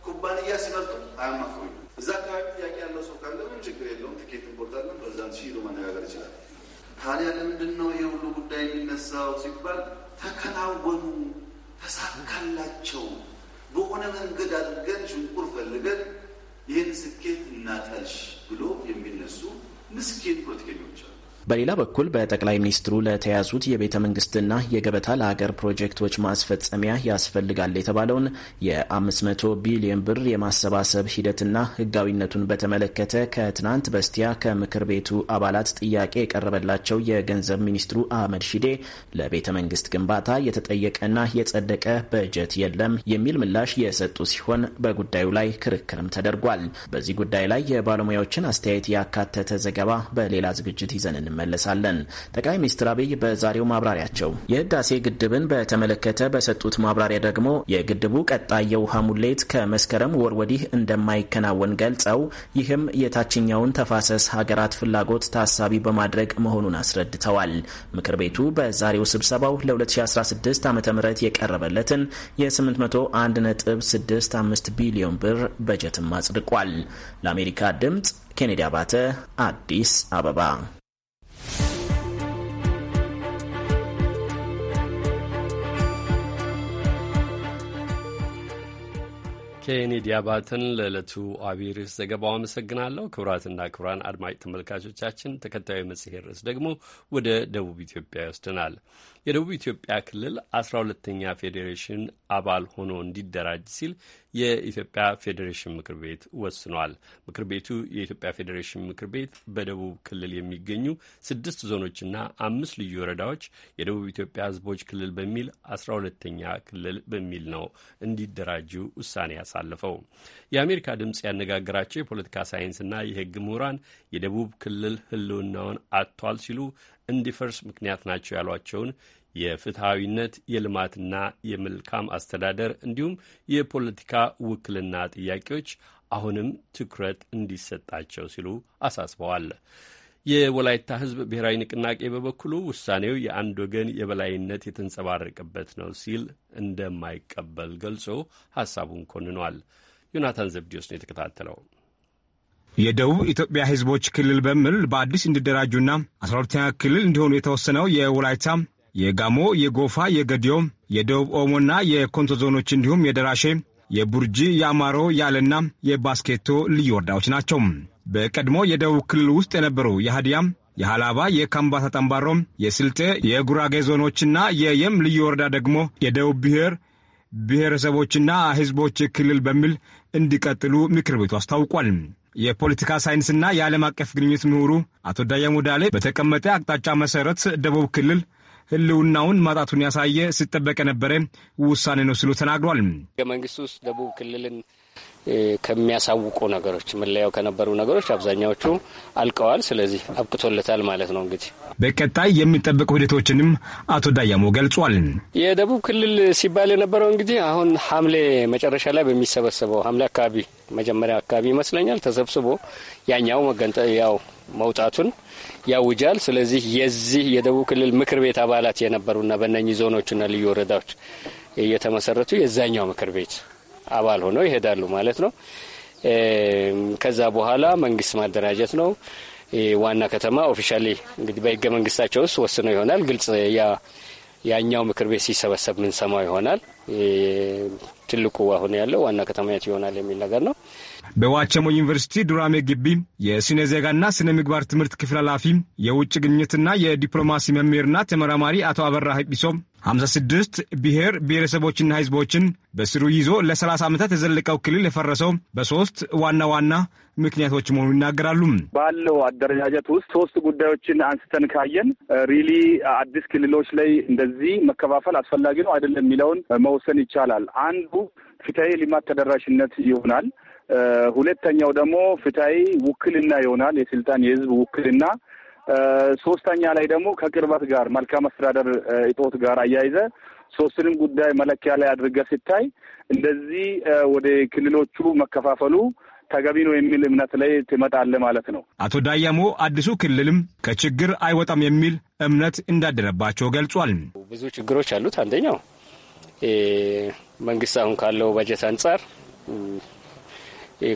ኩባንያ ሲመርጡ አያማክሩኝ። እዛ አካባቢ ጥያቄ ያለው ሰው ካለ ምን ችግር የለውም፣ ትኬት እንቆርጣለን፣ ፕሬዚዳንት ሺ ሄዶ ማነጋገር ይችላል። ታዲያ ለምንድን ነው ይህ ሁሉ ጉዳይ የሚነሳው ሲባል ተከናወኑ፣ ተሳካላቸው በሆነ መንገድ አድርገን ሽንቁር ፈልገን ይህን ስኬት እናጠልሽ ብሎ የሚነሱ ምስኪን ፖለቲከኞች አሉ። በሌላ በኩል በጠቅላይ ሚኒስትሩ ለተያዙት የቤተ መንግስትና የገበታ ለሀገር ፕሮጀክቶች ማስፈጸሚያ ያስፈልጋል የተባለውን የ500 ቢሊዮን ብር የማሰባሰብ ሂደትና ህጋዊነቱን በተመለከተ ከትናንት በስቲያ ከምክር ቤቱ አባላት ጥያቄ የቀረበላቸው የገንዘብ ሚኒስትሩ አህመድ ሺዴ ለቤተ መንግስት ግንባታ የተጠየቀና የጸደቀ በጀት የለም የሚል ምላሽ የሰጡ ሲሆን በጉዳዩ ላይ ክርክርም ተደርጓል። በዚህ ጉዳይ ላይ የባለሙያዎችን አስተያየት ያካተተ ዘገባ በሌላ ዝግጅት ይዘን እንመለሳለን። ጠቅላይ ሚኒስትር አብይ በዛሬው ማብራሪያቸው የህዳሴ ግድብን በተመለከተ በሰጡት ማብራሪያ ደግሞ የግድቡ ቀጣይ የውሃ ሙሌት ከመስከረም ወር ወዲህ እንደማይከናወን ገልጸው ይህም የታችኛውን ተፋሰስ ሀገራት ፍላጎት ታሳቢ በማድረግ መሆኑን አስረድተዋል። ምክር ቤቱ በዛሬው ስብሰባው ለ2016 ዓ ም የቀረበለትን የ801.65 ቢሊዮን ብር በጀትም አጽድቋል። ለአሜሪካ ድምፅ ኬኔዲ አባተ አዲስ አበባ ኬኔዲ አባትን ለዕለቱ አቢይ ርዕስ ዘገባው አመሰግናለሁ። ክቡራትና ክቡራን አድማጭ ተመልካቾቻችን ተከታዩ መጽሔት ርዕስ ደግሞ ወደ ደቡብ ኢትዮጵያ ይወስድናል። የደቡብ ኢትዮጵያ ክልል አስራ ሁለተኛ ፌዴሬሽን አባል ሆኖ እንዲደራጅ ሲል የኢትዮጵያ ፌዴሬሽን ምክር ቤት ወስኗል። ምክር ቤቱ የኢትዮጵያ ፌዴሬሽን ምክር ቤት በደቡብ ክልል የሚገኙ ስድስት ዞኖችና አምስት ልዩ ወረዳዎች የደቡብ ኢትዮጵያ ሕዝቦች ክልል በሚል አስራ ሁለተኛ ክልል በሚል ነው እንዲደራጁ ውሳኔ ያሳለፈው። የአሜሪካ ድምፅ ያነጋገራቸው የፖለቲካ ሳይንስና የሕግ ምሁራን የደቡብ ክልል ሕልውናውን አጥቷል ሲሉ እንዲፈርስ ምክንያት ናቸው ያሏቸውን የፍትሐዊነት የልማትና የመልካም አስተዳደር እንዲሁም የፖለቲካ ውክልና ጥያቄዎች አሁንም ትኩረት እንዲሰጣቸው ሲሉ አሳስበዋል። የወላይታ ሕዝብ ብሔራዊ ንቅናቄ በበኩሉ ውሳኔው የአንድ ወገን የበላይነት የተንጸባረቀበት ነው ሲል እንደማይቀበል ገልጾ ሀሳቡን ኮንኗል። ዮናታን ዘብዲዮስ ነው የተከታተለው። የደቡብ ኢትዮጵያ ህዝቦች ክልል በሚል በአዲስ እንዲደራጁና አስራ ሁለተኛ ክልል እንዲሆኑ የተወሰነው የወላይታ፣ የጋሞ፣ የጎፋ፣ የገዲዮ፣ የደቡብ ኦሞና የኮንቶ ዞኖች እንዲሁም የደራሼ፣ የቡርጂ፣ የአማሮ፣ ያለና የባስኬቶ ልዩ ወረዳዎች ናቸው። በቀድሞ የደቡብ ክልል ውስጥ የነበሩ የሃዲያ፣ የሃላባ፣ የካምባታ ጠምባሮ፣ የስልጤ፣ የጉራጌ ዞኖችና የየም ልዩ ወረዳ ደግሞ የደቡብ ብሔር ብሔረሰቦችና ህዝቦች ክልል በሚል እንዲቀጥሉ ምክር ቤቱ አስታውቋል። የፖለቲካ ሳይንስና የዓለም አቀፍ ግንኙነት ምሁሩ አቶ ዳያሙ ዳሌ በተቀመጠ አቅጣጫ መሰረት ደቡብ ክልል ህልውናውን ማጣቱን ያሳየ ሲጠበቅ የነበረ ውሳኔ ነው ሲሉ ተናግሯል። ህገ መንግስት ውስጥ ደቡብ ክልልን ከሚያሳውቁ ነገሮች መለያው ከነበሩ ነገሮች አብዛኛዎቹ አልቀዋል። ስለዚህ አብቅቶለታል ማለት ነው። እንግዲህ በቀጣይ የሚጠበቁ ሂደቶችንም አቶ ዳያሞ ገልጿል። የደቡብ ክልል ሲባል የነበረው እንግዲህ አሁን ሐምሌ መጨረሻ ላይ በሚሰበሰበው ሐምሌ አካባቢ መጀመሪያ አካባቢ ይመስለኛል ተሰብስቦ ያኛው መገንጠ ያው መውጣቱን ያውጃል። ስለዚህ የዚህ የደቡብ ክልል ምክር ቤት አባላት የነበሩና በእነኚህ ዞኖችና ልዩ ወረዳዎች የተመሰረቱ የዛኛው ምክር ቤት አባል ሆነው ይሄዳሉ ማለት ነው። ከዛ በኋላ መንግስት ማደራጀት ነው። ዋና ከተማ ኦፊሻሊ እንግዲህ በህገ መንግስታቸው ውስጥ ወስነው ይሆናል። ግልጽ ያኛው ምክር ቤት ሲሰበሰብ ምንሰማው ይሆናል። ትልቁ አሁን ያለው ዋና ከተማነት ይሆናል የሚል ነገር ነው። በዋቸሞ ዩኒቨርሲቲ ዱራሜ ግቢ የስነ ዜጋና ስነ ምግባር ትምህርት ክፍል ኃላፊ የውጭ ግንኙነትና የዲፕሎማሲ መምህርና ተመራማሪ አቶ አበራ ሀጲሶ 56 ብሔር ብሔረሰቦችና ህዝቦችን በስሩ ይዞ ለ30 ዓመታት የዘለቀው ክልል የፈረሰው በሶስት ዋና ዋና ምክንያቶች መሆኑ ይናገራሉ። ባለው አደረጃጀት ውስጥ ሶስት ጉዳዮችን አንስተን ካየን ሪሊ አዲስ ክልሎች ላይ እንደዚህ መከፋፈል አስፈላጊ ነው አይደለም የሚለውን መወሰን ይቻላል። አንዱ ፍትሐዊ ልማት ተደራሽነት ይሆናል። ሁለተኛው ደግሞ ፍትሐዊ ውክልና ይሆናል፣ የስልጣን የህዝብ ውክልና። ሶስተኛ ላይ ደግሞ ከቅርበት ጋር መልካም አስተዳደር እጦት ጋር አያይዘ ሶስትንም ጉዳይ መለኪያ ላይ አድርገ ሲታይ እንደዚህ ወደ ክልሎቹ መከፋፈሉ ተገቢ ነው የሚል እምነት ላይ ትመጣለ ማለት ነው። አቶ ዳያሞ አዲሱ ክልልም ከችግር አይወጣም የሚል እምነት እንዳደረባቸው ገልጿል። ብዙ ችግሮች አሉት። አንደኛው መንግስት አሁን ካለው በጀት አንጻር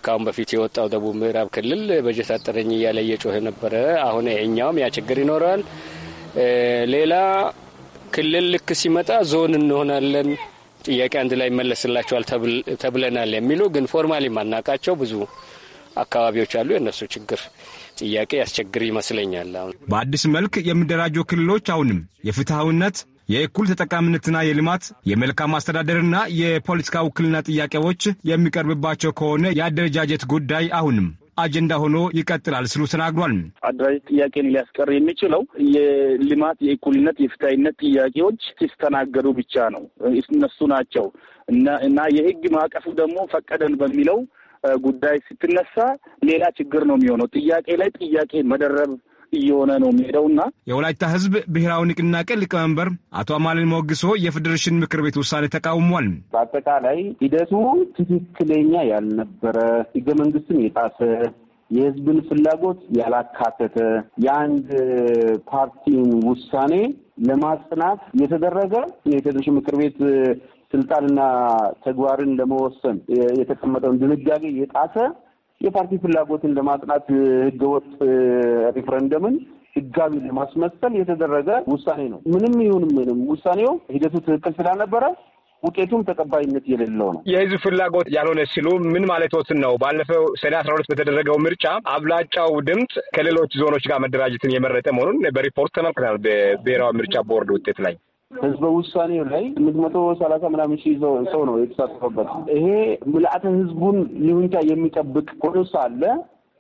ከአሁን በፊት የወጣው ደቡብ ምዕራብ ክልል በጀት አጠረኝ እያለ እየጮህ ነበረ። አሁን እኛውም ያ ችግር ይኖረዋል። ሌላ ክልል ልክ ሲመጣ ዞን እንሆናለን ጥያቄ አንድ ላይ ይመለስላቸዋል ተብለናል የሚሉ ግን ፎርማሊ ማናቃቸው ብዙ አካባቢዎች አሉ። የእነሱ ችግር ጥያቄ ያስቸግር ይመስለኛል። አሁን በአዲስ መልክ የሚደራጀው ክልሎች አሁንም የፍትሐዊነት የእኩል ተጠቃሚነትና የልማት የመልካም አስተዳደርና የፖለቲካ ውክልና ጥያቄዎች የሚቀርብባቸው ከሆነ የአደረጃጀት ጉዳይ አሁንም አጀንዳ ሆኖ ይቀጥላል ስሉ ተናግሯል። አደራጀት ጥያቄን ሊያስቀር የሚችለው የልማት፣ የእኩልነት፣ የፍትሃዊነት ጥያቄዎች ሲስተናገዱ ብቻ ነው። እነሱ ናቸው እና የህግ ማዕቀፉ ደግሞ ፈቀደን በሚለው ጉዳይ ስትነሳ ሌላ ችግር ነው የሚሆነው። ጥያቄ ላይ ጥያቄ መደረብ እየሆነ ነው የሚሄደው እና የወላይታ ህዝብ ብሔራዊ ንቅናቄ ሊቀመንበር አቶ አማልን ሞግሶ የፌዴሬሽን ምክር ቤት ውሳኔ ተቃውሟል። በአጠቃላይ ሂደቱ ትክክለኛ ያልነበረ ህገ መንግስትን የጣሰ የህዝብን ፍላጎት ያላካተተ የአንድ ፓርቲን ውሳኔ ለማጽናት የተደረገ የፌዴሬሽን ምክር ቤት ስልጣንና ተግባርን ለመወሰን የተቀመጠውን ድንጋጌ የጣሰ የፓርቲ ፍላጎትን ለማጥናት ህገወጥ ሪፍረንደምን ህጋዊ ለማስመሰል የተደረገ ውሳኔ ነው። ምንም ይሁን ምንም ውሳኔው ሂደቱ ትክክል ስላልነበረ ውጤቱም ተቀባይነት የሌለው ነው። የህዝብ ፍላጎት ያልሆነ ሲሉ ምን ማለቶትን ነው? ባለፈው ሰኔ አስራ ሁለት በተደረገው ምርጫ አብላጫው ድምፅ ከሌሎች ዞኖች ጋር መደራጀትን የመረጠ መሆኑን በሪፖርት ተመልክተናል። በብሔራዊ ምርጫ ቦርድ ውጤት ላይ ህዝበ ውሳኔው ላይ ስምንት መቶ ሰላሳ ምናምን ሺህ ሰው ነው የተሳተፈበት። ይሄ ምልአተ ህዝቡን ይሁንታ የሚጠብቅ ሆኖ ሳለ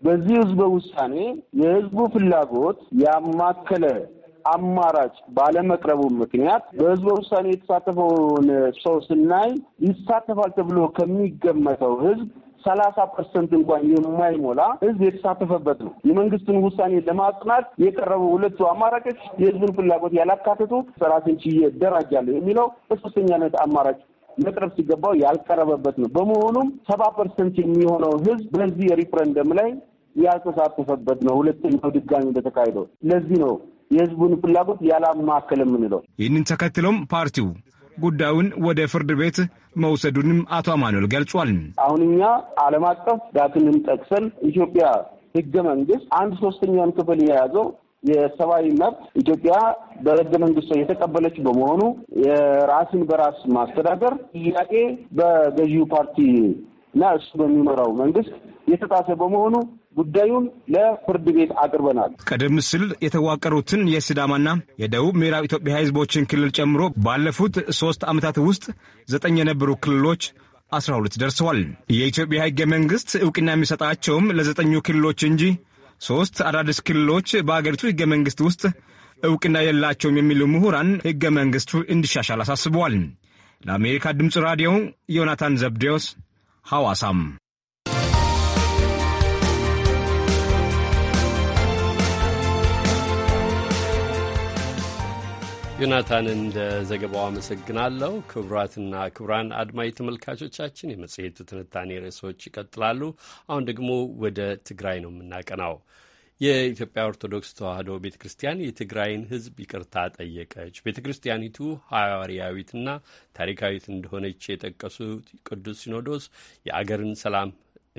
በዚህ ህዝበ ውሳኔ የህዝቡ ፍላጎት ያማከለ አማራጭ ባለመቅረቡ ምክንያት በህዝበ ውሳኔ የተሳተፈውን ሰው ስናይ ይሳተፋል ተብሎ ከሚገመተው ህዝብ ሰላሳ ፐርሰንት እንኳን የማይሞላ ህዝብ የተሳተፈበት ነው። የመንግስትን ውሳኔ ለማጽናት የቀረቡ ሁለቱ አማራጮች የህዝብን ፍላጎት ያላካተቱ ራሴን ችዬ እደራጃለሁ የሚለው በሶስተኛነት አማራጭ መቅረብ ሲገባው ያልቀረበበት ነው። በመሆኑም ሰባ ፐርሰንት የሚሆነው ህዝብ በዚህ የሪፍረንደም ላይ ያልተሳተፈበት ነው። ሁለተኛው ድጋሚ እንደተካሄደው ለዚህ ነው የህዝቡን ፍላጎት ያላማከል የምንለው። ይህንን ተከትሎም ፓርቲው ጉዳዩን ወደ ፍርድ ቤት መውሰዱንም አቶ አማኑኤል ገልጿል። አሁን እኛ ዓለም አቀፍ ዳትንን ጠቅሰን ኢትዮጵያ ህገ መንግስት አንድ ሶስተኛን ክፍል የያዘው የሰብአዊ መብት ኢትዮጵያ በህገ መንግስቷ የተቀበለች በመሆኑ የራስን በራስ ማስተዳደር ጥያቄ በገዢው ፓርቲ እና እሱ በሚመራው መንግስት የተጣሰ በመሆኑ ጉዳዩን ለፍርድ ቤት አቅርበናል። ቀደም ሲል የተዋቀሩትን የሲዳማና የደቡብ ምዕራብ ኢትዮጵያ ህዝቦችን ክልል ጨምሮ ባለፉት ሶስት ዓመታት ውስጥ ዘጠኝ የነበሩ ክልሎች አስራ ሁለት ደርሰዋል። የኢትዮጵያ ህገ መንግሥት እውቅና የሚሰጣቸውም ለዘጠኙ ክልሎች እንጂ ሦስት አዳዲስ ክልሎች በአገሪቱ ህገ መንግሥት ውስጥ እውቅና የላቸውም የሚሉ ምሁራን ህገ መንግሥቱ እንዲሻሻል አሳስበዋል። ለአሜሪካ ድምፅ ራዲዮ ዮናታን ዘብዴዎስ ሐዋሳም ዮናታን እንደ ዘገባው አመሰግናለሁ። ክቡራትና ክቡራን አድማጭ ተመልካቾቻችን የመጽሔቱ ትንታኔ ርዕሶች ይቀጥላሉ። አሁን ደግሞ ወደ ትግራይ ነው የምናቀናው። የኢትዮጵያ ኦርቶዶክስ ተዋሕዶ ቤተ ክርስቲያን የትግራይን ሕዝብ ይቅርታ ጠየቀች። ቤተ ክርስቲያኒቱ ሐዋርያዊትና ታሪካዊት እንደሆነች የጠቀሱት ቅዱስ ሲኖዶስ የአገርን ሰላም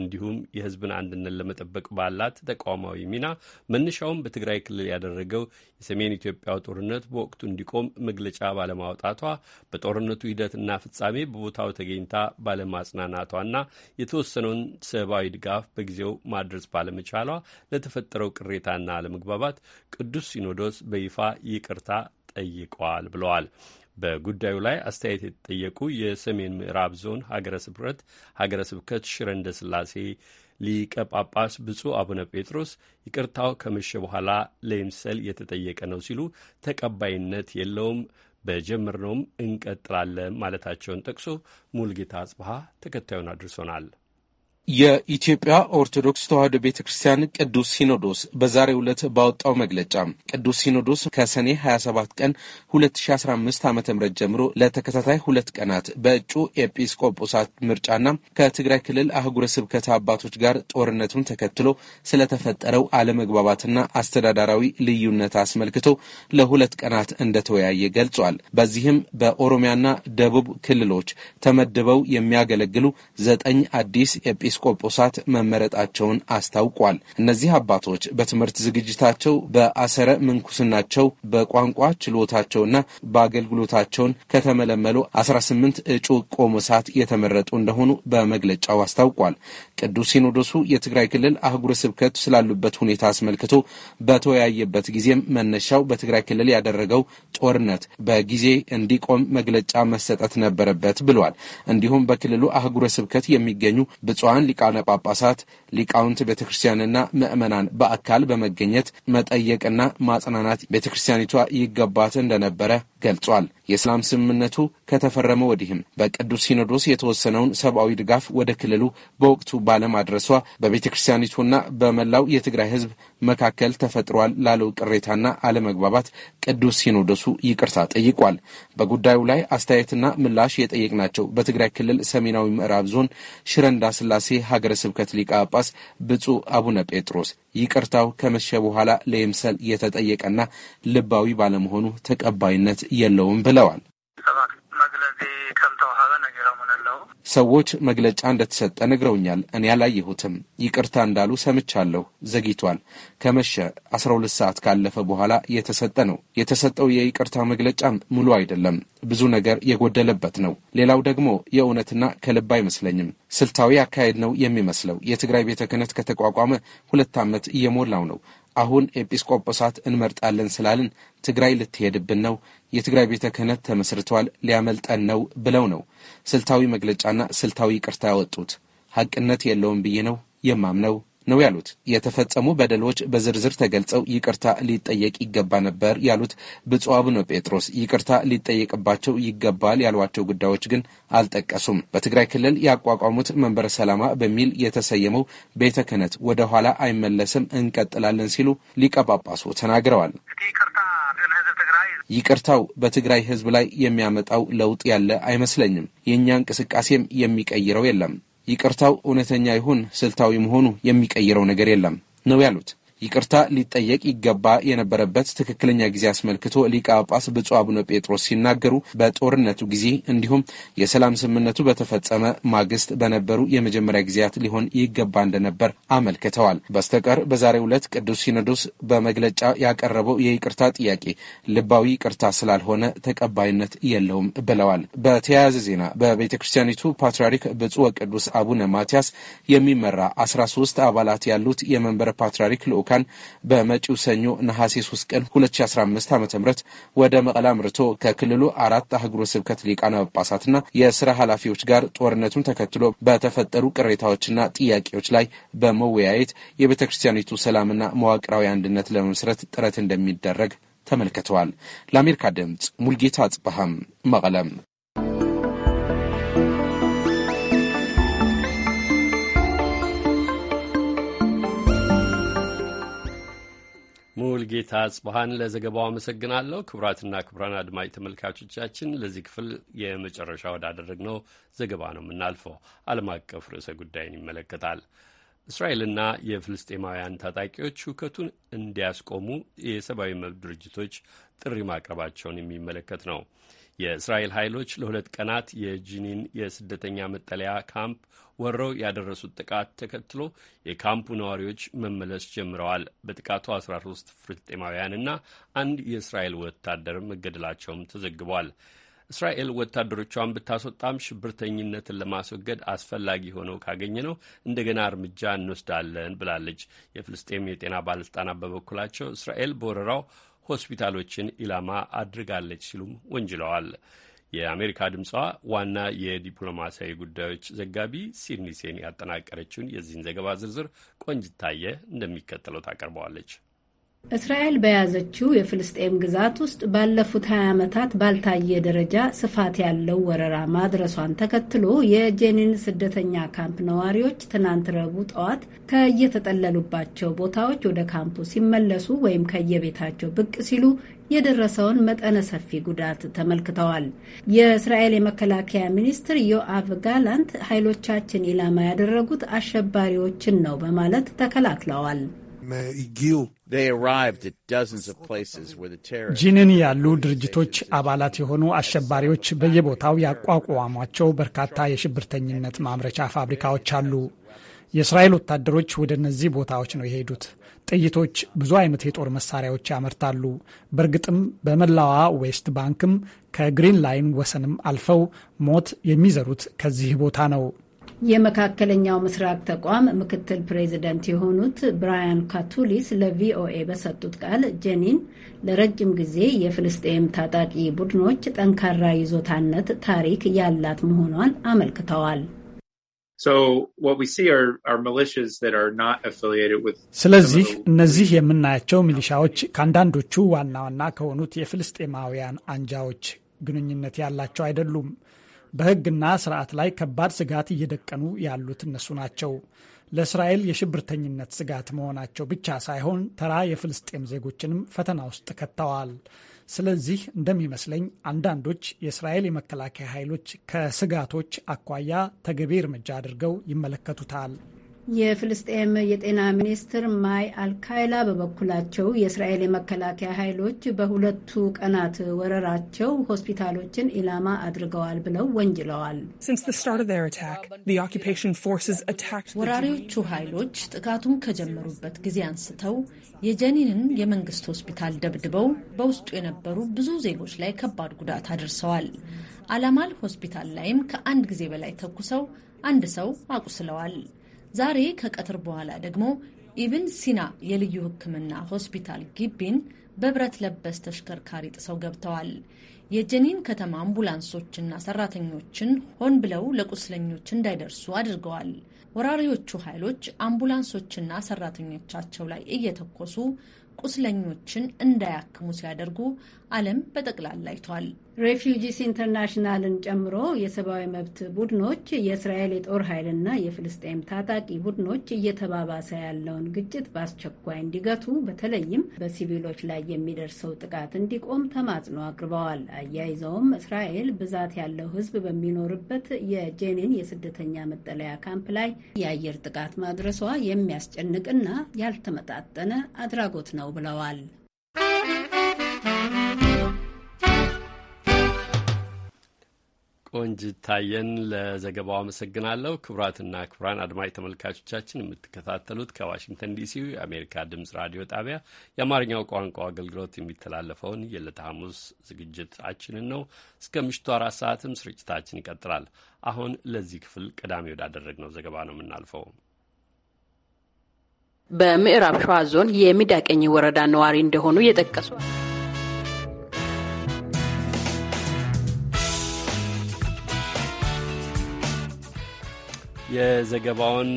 እንዲሁም የህዝብን አንድነት ለመጠበቅ ባላት ተቋማዊ ሚና መነሻውም በትግራይ ክልል ያደረገው የሰሜን ኢትዮጵያው ጦርነት በወቅቱ እንዲቆም መግለጫ ባለማውጣቷ በጦርነቱ ሂደትና ፍጻሜ በቦታው ተገኝታ ባለማጽናናቷና የተወሰነውን ሰብአዊ ድጋፍ በጊዜው ማድረስ ባለመቻሏ ለተፈጠረው ቅሬታና አለመግባባት ቅዱስ ሲኖዶስ በይፋ ይቅርታ ጠይቀዋል ብለዋል። በጉዳዩ ላይ አስተያየት የተጠየቁ የሰሜን ምዕራብ ዞን ሀገረ ስብረት ሀገረ ስብከት ሽረ እንደ ስላሴ ሊቀ ጳጳስ ብፁዕ አቡነ ጴጥሮስ ይቅርታው ከመሸ በኋላ ለይምሰል የተጠየቀ ነው ሲሉ ተቀባይነት የለውም፣ በጀመርነውም እንቀጥላለን ማለታቸውን ጠቅሶ ሙልጌታ አጽብሃ ተከታዩን አድርሶናል። የኢትዮጵያ ኦርቶዶክስ ተዋሕዶ ቤተ ክርስቲያን ቅዱስ ሲኖዶስ በዛሬው ዕለት ባወጣው መግለጫ ቅዱስ ሲኖዶስ ከሰኔ 27 ቀን 2015 ዓ ም ጀምሮ ለተከታታይ ሁለት ቀናት በእጩ ኤጲስቆጶሳት ምርጫና ከትግራይ ክልል አህጉረ ስብከት አባቶች ጋር ጦርነቱን ተከትሎ ስለተፈጠረው አለመግባባትና አስተዳዳራዊ ልዩነት አስመልክቶ ለሁለት ቀናት እንደተወያየ ገልጿል። በዚህም በኦሮሚያና ደቡብ ክልሎች ተመድበው የሚያገለግሉ ዘጠኝ አዲስ ኤጲስ ኤጲስቆጶሳት መመረጣቸውን አስታውቋል። እነዚህ አባቶች በትምህርት ዝግጅታቸው፣ በአሰረ ምንኩስናቸው፣ በቋንቋ ችሎታቸውና በአገልግሎታቸውን ከተመለመሉ 18 እጩ ቆሞሳት የተመረጡ እንደሆኑ በመግለጫው አስታውቋል። ቅዱስ ሲኖዶሱ የትግራይ ክልል አህጉረ ስብከት ስላሉበት ሁኔታ አስመልክቶ በተወያየበት ጊዜም መነሻው በትግራይ ክልል ያደረገው ጦርነት በጊዜ እንዲቆም መግለጫ መሰጠት ነበረበት ብሏል። እንዲሁም በክልሉ አህጉረ ስብከት የሚገኙ ብፁዓን የኢትዮጵያን ሊቃነ ጳጳሳት ሊቃውንት ቤተ ክርስቲያንና ምእመናን በአካል በመገኘት መጠየቅና ማጽናናት ቤተ ክርስቲያኒቷ ይገባት እንደነበረ ገልጿል። የሰላም ስምምነቱ ከተፈረመ ወዲህም በቅዱስ ሲኖዶስ የተወሰነውን ሰብአዊ ድጋፍ ወደ ክልሉ በወቅቱ ባለማድረሷ በቤተ ክርስቲያኒቱና በመላው የትግራይ ሕዝብ መካከል ተፈጥሯል ላለው ቅሬታና አለመግባባት ቅዱስ ሲኖዶሱ ይቅርታ ጠይቋል። በጉዳዩ ላይ አስተያየትና ምላሽ የጠየቅናቸው በትግራይ ክልል ሰሜናዊ ምዕራብ ዞን ሽረንዳ ስላሴ ሀገረ ስብከት ሊቀ ጳጳስ ብፁዕ አቡነ ጴጥሮስ ይቅርታው ከመሸ በኋላ ለየምሰል የተጠየቀና ልባዊ ባለመሆኑ ተቀባይነት የለውም ብለዋል። ሰዎች መግለጫ እንደተሰጠ ነግረውኛል። እኔ አላየሁትም። ይቅርታ እንዳሉ ሰምቻለሁ። ዘግይቷል። ከመሸ አስራ ሁለት ሰዓት ካለፈ በኋላ የተሰጠ ነው። የተሰጠው የይቅርታ መግለጫም ሙሉ አይደለም። ብዙ ነገር የጎደለበት ነው። ሌላው ደግሞ የእውነትና ከልብ አይመስለኝም። ስልታዊ አካሄድ ነው የሚመስለው። የትግራይ ቤተ ክህነት ከተቋቋመ ሁለት ዓመት እየሞላው ነው። አሁን ኤጲስቆጶሳት እንመርጣለን ስላልን ትግራይ ልትሄድብን ነው፣ የትግራይ ቤተ ክህነት ተመስርተዋል፣ ሊያመልጠን ነው ብለው ነው ስልታዊ መግለጫና ስልታዊ ቅርታ ያወጡት። ሐቅነት የለውም ብዬ ነው የማምነው ነው ያሉት። የተፈጸሙ በደሎች በዝርዝር ተገልጸው ይቅርታ ሊጠየቅ ይገባ ነበር ያሉት ብፁዕ አቡነ ጴጥሮስ ይቅርታ ሊጠየቅባቸው ይገባል ያሏቸው ጉዳዮች ግን አልጠቀሱም። በትግራይ ክልል ያቋቋሙት መንበረ ሰላማ በሚል የተሰየመው ቤተ ክህነት ወደ ኋላ አይመለስም እንቀጥላለን ሲሉ ሊቀጳጳሱ ተናግረዋል። ይቅርታው በትግራይ ሕዝብ ላይ የሚያመጣው ለውጥ ያለ አይመስለኝም። የእኛ እንቅስቃሴም የሚቀይረው የለም ይቅርታው እውነተኛ ይሁን ስልታዊ መሆኑ የሚቀይረው ነገር የለም ነው ያሉት። ይቅርታ ሊጠየቅ ይገባ የነበረበት ትክክለኛ ጊዜ አስመልክቶ ሊቀ ጳጳስ ብፁዕ አቡነ ጴጥሮስ ሲናገሩ በጦርነቱ ጊዜ እንዲሁም የሰላም ስምምነቱ በተፈጸመ ማግስት በነበሩ የመጀመሪያ ጊዜያት ሊሆን ይገባ እንደነበር አመልክተዋል። በስተቀር በዛሬው ዕለት ቅዱስ ሲኖዶስ በመግለጫ ያቀረበው የይቅርታ ጥያቄ ልባዊ ይቅርታ ስላልሆነ ተቀባይነት የለውም ብለዋል። በተያያዘ ዜና በቤተ ክርስቲያኒቱ ፓትርያርክ ብፁዕ ወቅዱስ አቡነ ማትያስ የሚመራ አስራ ሶስት አባላት ያሉት የመንበረ ፓትርያርክ ልዑ ልኡካን በመጪው ሰኞ ነሐሴ 3 ቀን 2015 ዓ ም ወደ መቀለ አምርቶ ከክልሉ አራት አህጉረ ስብከት ሊቃነ ጳጳሳትና የስራ ኃላፊዎች ጋር ጦርነቱን ተከትሎ በተፈጠሩ ቅሬታዎችና ጥያቄዎች ላይ በመወያየት የቤተ ክርስቲያኒቱ ሰላምና መዋቅራዊ አንድነት ለመመስረት ጥረት እንደሚደረግ ተመልክተዋል። ለአሜሪካ ድምፅ ሙልጌታ አጽበሃም መቀለም ሙልጌታ አጽብሃን ለዘገባው አመሰግናለሁ። ክቡራትና ክቡራን አድማጭ ተመልካቾቻችን ለዚህ ክፍል የመጨረሻ ወዳደረግነው ዘገባ ነው የምናልፈው። ዓለም አቀፍ ርዕሰ ጉዳይን ይመለከታል። እስራኤልና የፍልስጤማውያን ታጣቂዎች ሁከቱን እንዲያስቆሙ የሰብአዊ መብት ድርጅቶች ጥሪ ማቅረባቸውን የሚመለከት ነው። የእስራኤል ኃይሎች ለሁለት ቀናት የጂኒን የስደተኛ መጠለያ ካምፕ ወረው ያደረሱት ጥቃት ተከትሎ የካምፑ ነዋሪዎች መመለስ ጀምረዋል። በጥቃቱ 13 ፍልስጤማውያንና አንድ የእስራኤል ወታደር መገደላቸውም ተዘግቧል። እስራኤል ወታደሮቿን ብታስወጣም ሽብርተኝነትን ለማስወገድ አስፈላጊ ሆነው ካገኘ ነው እንደገና እርምጃ እንወስዳለን ብላለች። የፍልስጤም የጤና ባለስልጣናት በበኩላቸው እስራኤል በወረራው ሆስፒታሎችን ኢላማ አድርጋለች ሲሉም ወንጅለዋል። የአሜሪካ ድምጿ ዋና የዲፕሎማሲያዊ ጉዳዮች ዘጋቢ ሲድኒ ሴን ያጠናቀረችውን የዚህን ዘገባ ዝርዝር ቆንጅታየ እንደሚከተለው ታቀርበዋለች። እስራኤል በያዘችው የፍልስጤም ግዛት ውስጥ ባለፉት 20 ዓመታት ባልታየ ደረጃ ስፋት ያለው ወረራ ማድረሷን ተከትሎ የጄኒን ስደተኛ ካምፕ ነዋሪዎች ትናንት ረቡዕ ጠዋት ከየተጠለሉባቸው ቦታዎች ወደ ካምፑ ሲመለሱ ወይም ከየቤታቸው ብቅ ሲሉ የደረሰውን መጠነ ሰፊ ጉዳት ተመልክተዋል። የእስራኤል የመከላከያ ሚኒስትር ዮአቭ ጋላንት ኃይሎቻችን ኢላማ ያደረጉት አሸባሪዎችን ነው በማለት ተከላክለዋል። ጂንን ያሉ ድርጅቶች አባላት የሆኑ አሸባሪዎች በየቦታው ያቋቋሟቸው በርካታ የሽብርተኝነት ማምረቻ ፋብሪካዎች አሉ። የእስራኤል ወታደሮች ወደ እነዚህ ቦታዎች ነው የሄዱት። ጥይቶች፣ ብዙ አይነት የጦር መሳሪያዎች ያመርታሉ። በእርግጥም በመላዋ ዌስት ባንክም ከግሪን ላይን ወሰንም አልፈው ሞት የሚዘሩት ከዚህ ቦታ ነው። የመካከለኛው ምስራቅ ተቋም ምክትል ፕሬዚደንት የሆኑት ብራያን ካቱሊስ ለቪኦኤ በሰጡት ቃል ጀኒን ለረጅም ጊዜ የፍልስጤም ታጣቂ ቡድኖች ጠንካራ ይዞታነት ታሪክ ያላት መሆኗን አመልክተዋል። ስለዚህ እነዚህ የምናያቸው ሚሊሻዎች ከአንዳንዶቹ ዋና ዋና ከሆኑት የፍልስጤማውያን አንጃዎች ግንኙነት ያላቸው አይደሉም። በሕግና ስርዓት ላይ ከባድ ስጋት እየደቀኑ ያሉት እነሱ ናቸው። ለእስራኤል የሽብርተኝነት ስጋት መሆናቸው ብቻ ሳይሆን ተራ የፍልስጤም ዜጎችንም ፈተና ውስጥ ከተዋል። ስለዚህ እንደሚመስለኝ አንዳንዶች የእስራኤል የመከላከያ ኃይሎች ከስጋቶች አኳያ ተገቢ እርምጃ አድርገው ይመለከቱታል። የፍልስጤም የጤና ሚኒስትር ማይ አልካይላ በበኩላቸው የእስራኤል የመከላከያ ኃይሎች በሁለቱ ቀናት ወረራቸው ሆስፒታሎችን ኢላማ አድርገዋል ብለው ወንጅለዋል። ወራሪዎቹ ኃይሎች ጥቃቱን ከጀመሩበት ጊዜ አንስተው የጀኒንን የመንግስት ሆስፒታል ደብድበው በውስጡ የነበሩ ብዙ ዜጎች ላይ ከባድ ጉዳት አድርሰዋል። አላማል ሆስፒታል ላይም ከአንድ ጊዜ በላይ ተኩሰው አንድ ሰው አቁስለዋል። ዛሬ ከቀትር በኋላ ደግሞ ኢብን ሲና የልዩ ሕክምና ሆስፒታል ግቢን በብረት ለበስ ተሽከርካሪ ጥሰው ገብተዋል። የጀኒን ከተማ አምቡላንሶችና ሰራተኞችን ሆን ብለው ለቁስለኞች እንዳይደርሱ አድርገዋል። ወራሪዎቹ ኃይሎች አምቡላንሶችና ሰራተኞቻቸው ላይ እየተኮሱ ቁስለኞችን እንዳያክሙ ሲያደርጉ ዓለም በጠቅላላ አይቷል። ሬፊውጂስ ኢንተርናሽናልን ጨምሮ የሰብአዊ መብት ቡድኖች የእስራኤል የጦር ኃይልና የፍልስጤም ታጣቂ ቡድኖች እየተባባሰ ያለውን ግጭት በአስቸኳይ እንዲገቱ በተለይም በሲቪሎች ላይ የሚደርሰው ጥቃት እንዲቆም ተማጽኖ አቅርበዋል። አያይዘውም እስራኤል ብዛት ያለው ሕዝብ በሚኖርበት የጄኒን የስደተኛ መጠለያ ካምፕ ላይ የአየር ጥቃት ማድረሷ የሚያስጨንቅና ያልተመጣጠነ አድራጎት ነው ብለዋል። ቆንጅታየን ታየን ለዘገባው አመሰግናለሁ። ክቡራትና ክቡራን አድማጭ ተመልካቾቻችን የምትከታተሉት ከዋሽንግተን ዲሲ የአሜሪካ ድምጽ ራዲዮ ጣቢያ የአማርኛው ቋንቋ አገልግሎት የሚተላለፈውን የዕለተ ሐሙስ ዝግጅታችንን ነው። እስከ ምሽቱ አራት ሰዓትም ስርጭታችን ይቀጥላል። አሁን ለዚህ ክፍል ቀዳሚ ወዳደረግነው ዘገባ ነው የምናልፈው። በምዕራብ ሸዋ ዞን የሚዳቀኝ ወረዳ ነዋሪ እንደሆኑ የጠቀሱ የዘገባውን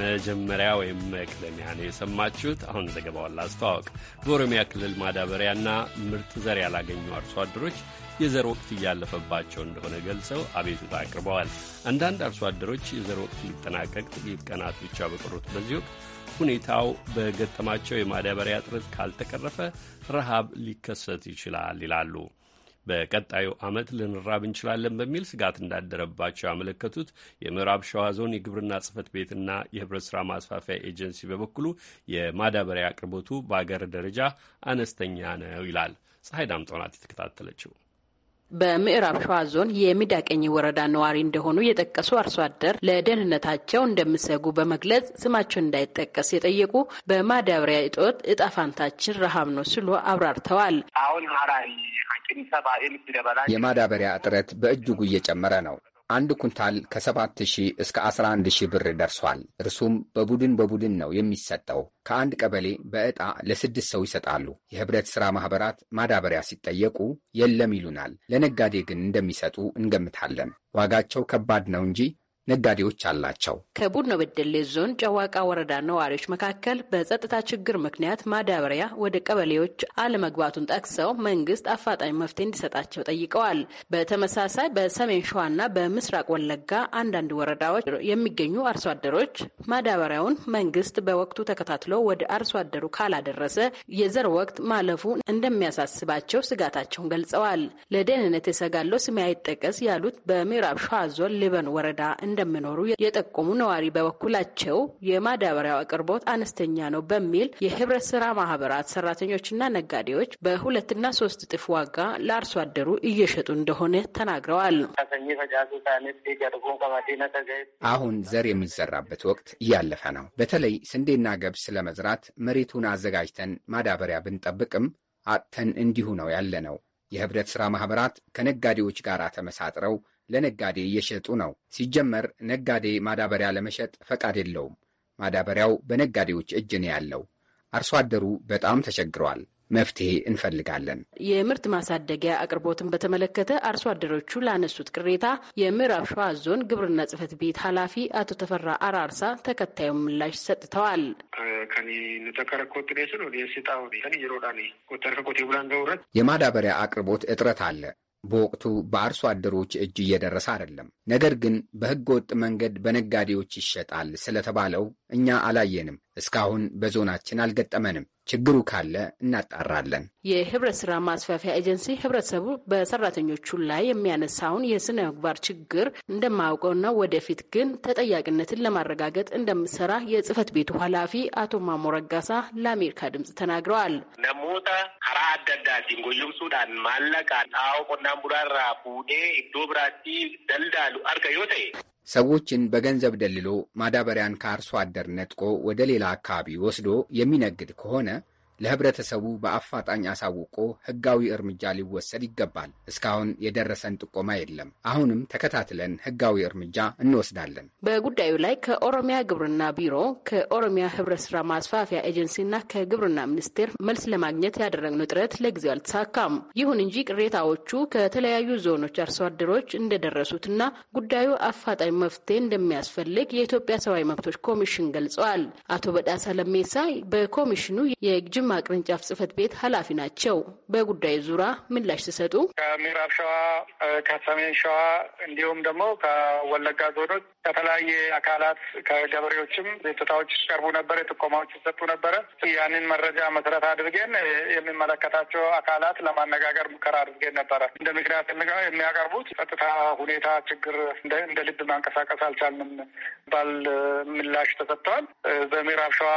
መጀመሪያ ወይም መቅደሚያ ነው የሰማችሁት። አሁን ዘገባውን ላስተዋወቅ። በኦሮሚያ ክልል ማዳበሪያና ምርጥ ዘር ያላገኙ አርሶ አደሮች የዘር ወቅት እያለፈባቸው እንደሆነ ገልጸው አቤቱታ አቅርበዋል። አንዳንድ አርሶ አደሮች የዘር ወቅት ሊጠናቀቅ ጥቂት ቀናት ብቻ በቀሩት በዚህ ወቅት ሁኔታው በገጠማቸው የማዳበሪያ እጥረት ካልተቀረፈ ረሃብ ሊከሰት ይችላል ይላሉ። በቀጣዩ ዓመት ልንራብ እንችላለን በሚል ስጋት እንዳደረባቸው ያመለከቱት የምዕራብ ሸዋ ዞን የግብርና ጽሕፈት ቤትና የህብረት ስራ ማስፋፊያ ኤጀንሲ በበኩሉ የማዳበሪያ አቅርቦቱ በአገር ደረጃ አነስተኛ ነው ይላል። ፀሐይ ዳምጦናት የተከታተለችው በምዕራብ ሸዋ ዞን የሚዳቀኝ ወረዳ ነዋሪ እንደሆኑ የጠቀሱ አርሶ አደር ለደህንነታቸው እንደሚሰጉ በመግለጽ ስማቸው እንዳይጠቀስ የጠየቁ በማዳበሪያ እጦት እጣፋንታችን ረሃብ ነው ሲሉ አብራርተዋል። አሁን ሀራሪ የማዳበሪያ እጥረት በእጅጉ እየጨመረ ነው። አንድ ኩንታል ከሰባት ሺህ እስከ አስራ አንድ ሺህ ብር ደርሷል። እርሱም በቡድን በቡድን ነው የሚሰጠው። ከአንድ ቀበሌ በዕጣ ለስድስት ሰው ይሰጣሉ። የህብረት ሥራ ማኅበራት ማዳበሪያ ሲጠየቁ የለም ይሉናል። ለነጋዴ ግን እንደሚሰጡ እንገምታለን። ዋጋቸው ከባድ ነው እንጂ ነጋዴዎች አላቸው። ከቡርኖ በደሌ ዞን ጨዋቃ ወረዳ ነዋሪዎች መካከል በጸጥታ ችግር ምክንያት ማዳበሪያ ወደ ቀበሌዎች አለመግባቱን ጠቅሰው መንግስት አፋጣኝ መፍትሄ እንዲሰጣቸው ጠይቀዋል። በተመሳሳይ በሰሜን ሸዋና በምስራቅ ወለጋ አንዳንድ ወረዳዎች የሚገኙ አርሶ አደሮች ማዳበሪያውን መንግስት በወቅቱ ተከታትሎ ወደ አርሶ አደሩ ካላደረሰ የዘር ወቅት ማለፉ እንደሚያሳስባቸው ስጋታቸውን ገልጸዋል። ለደህንነት የሰጋለው ስሜ አይጠቀስ ያሉት በምዕራብ ሸዋ ዞን ሊበን ወረዳ እንደ እንደሚኖሩ የጠቆሙ ነዋሪ በበኩላቸው የማዳበሪያው አቅርቦት አነስተኛ ነው በሚል የህብረት ስራ ማህበራት ሰራተኞችና ነጋዴዎች በሁለትና ሶስት እጥፍ ዋጋ ለአርሶ አደሩ እየሸጡ እንደሆነ ተናግረዋል። አሁን ዘር የሚዘራበት ወቅት እያለፈ ነው። በተለይ ስንዴና ገብስ ለመዝራት መሬቱን አዘጋጅተን ማዳበሪያ ብንጠብቅም አጥተን እንዲሁ ነው ያለነው። የህብረት ሥራ ማኅበራት ከነጋዴዎች ጋር ተመሳጥረው ለነጋዴ እየሸጡ ነው። ሲጀመር ነጋዴ ማዳበሪያ ለመሸጥ ፈቃድ የለውም። ማዳበሪያው በነጋዴዎች እጅ ነው ያለው። አርሶ አደሩ በጣም ተቸግሯል። መፍትሄ እንፈልጋለን። የምርት ማሳደጊያ አቅርቦትን በተመለከተ አርሶ አደሮቹ ላነሱት ቅሬታ የምዕራብ ሸዋ ዞን ግብርና ጽሕፈት ቤት ኃላፊ አቶ ተፈራ አራርሳ ተከታዩ ምላሽ ሰጥተዋል። የማዳበሪያ አቅርቦት እጥረት አለ። በወቅቱ በአርሶ አደሮች እጅ እየደረሰ አይደለም። ነገር ግን በሕገ ወጥ መንገድ በነጋዴዎች ይሸጣል ስለተባለው እኛ አላየንም። እስካሁን በዞናችን አልገጠመንም። ችግሩ ካለ እናጣራለን። የህብረት ስራ ማስፋፊያ ኤጀንሲ ህብረተሰቡ በሰራተኞቹ ላይ የሚያነሳውን የስነ ምግባር ችግር እንደማያውቀውና ወደፊት ግን ተጠያቂነትን ለማረጋገጥ እንደምሰራ የጽህፈት ቤቱ ኃላፊ አቶ ማሞ ረጋሳ ለአሜሪካ ድምጽ ተናግረዋል። ነሞታ ከራ ማለቃ ጣዎ ቡዳራ ቡኔ ደልዳሉ አርገ ሰዎችን በገንዘብ ደልሎ ማዳበሪያን ከአርሶ አደር ነጥቆ ወደ ሌላ አካባቢ ወስዶ የሚነግድ ከሆነ ለህብረተሰቡ በአፋጣኝ አሳውቆ ህጋዊ እርምጃ ሊወሰድ ይገባል። እስካሁን የደረሰን ጥቆማ የለም። አሁንም ተከታትለን ህጋዊ እርምጃ እንወስዳለን። በጉዳዩ ላይ ከኦሮሚያ ግብርና ቢሮ፣ ከኦሮሚያ ህብረት ስራ ማስፋፊያ ኤጀንሲና ከግብርና ሚኒስቴር መልስ ለማግኘት ያደረግነው ጥረት ለጊዜው አልተሳካም። ይሁን እንጂ ቅሬታዎቹ ከተለያዩ ዞኖች አርሶ አደሮች እንደደረሱትና ጉዳዩ አፋጣኝ መፍትሄ እንደሚያስፈልግ የኢትዮጵያ ሰብአዊ መብቶች ኮሚሽን ገልጸዋል። አቶ በዳሳ ለሜሳ በኮሚሽኑ የጅማ የጅማ ቅርንጫፍ ጽህፈት ቤት ኃላፊ ናቸው። በጉዳዩ ዙሪያ ምላሽ ሲሰጡ ከምዕራብ ሸዋ፣ ከሰሜን ሸዋ እንዲሁም ደግሞ ከወለጋ ዞኖች ከተለያየ አካላት ከገበሬዎችም ቤተታዎች ቀርቡ ነበረ፣ ጥቆማዎች ይሰጡ ነበረ። ያንን መረጃ መሰረት አድርገን የሚመለከታቸው አካላት ለማነጋገር ሙከራ አድርገን ነበረ። እንደ ምክንያት የሚያቀርቡት ጸጥታ ሁኔታ ችግር እንደ ልብ ማንቀሳቀስ አልቻልንም ባል ምላሽ ተሰጥተዋል። በምዕራብ ሸዋ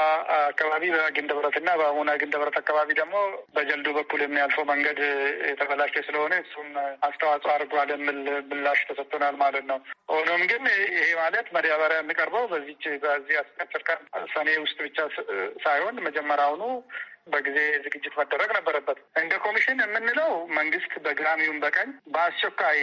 አካባቢ በጊንደብረትና በአሙና ደብረት አካባቢ ደግሞ በጀልዱ በኩል የሚያልፈው መንገድ የተበላሸ ስለሆነ እሱም አስተዋጽኦ አድርጓል የሚል ምላሽ ተሰጥቶናል ማለት ነው። ሆኖም ግን ይሄ ማለት መዳበሪያ የሚቀርበው በዚች በዚህ አስር ቀን ሰኔ ውስጥ ብቻ ሳይሆን መጀመሪያውኑ በጊዜ ዝግጅት መደረግ ነበረበት። እንደ ኮሚሽን የምንለው መንግስት በግራሚውን በቀኝ በአስቸኳይ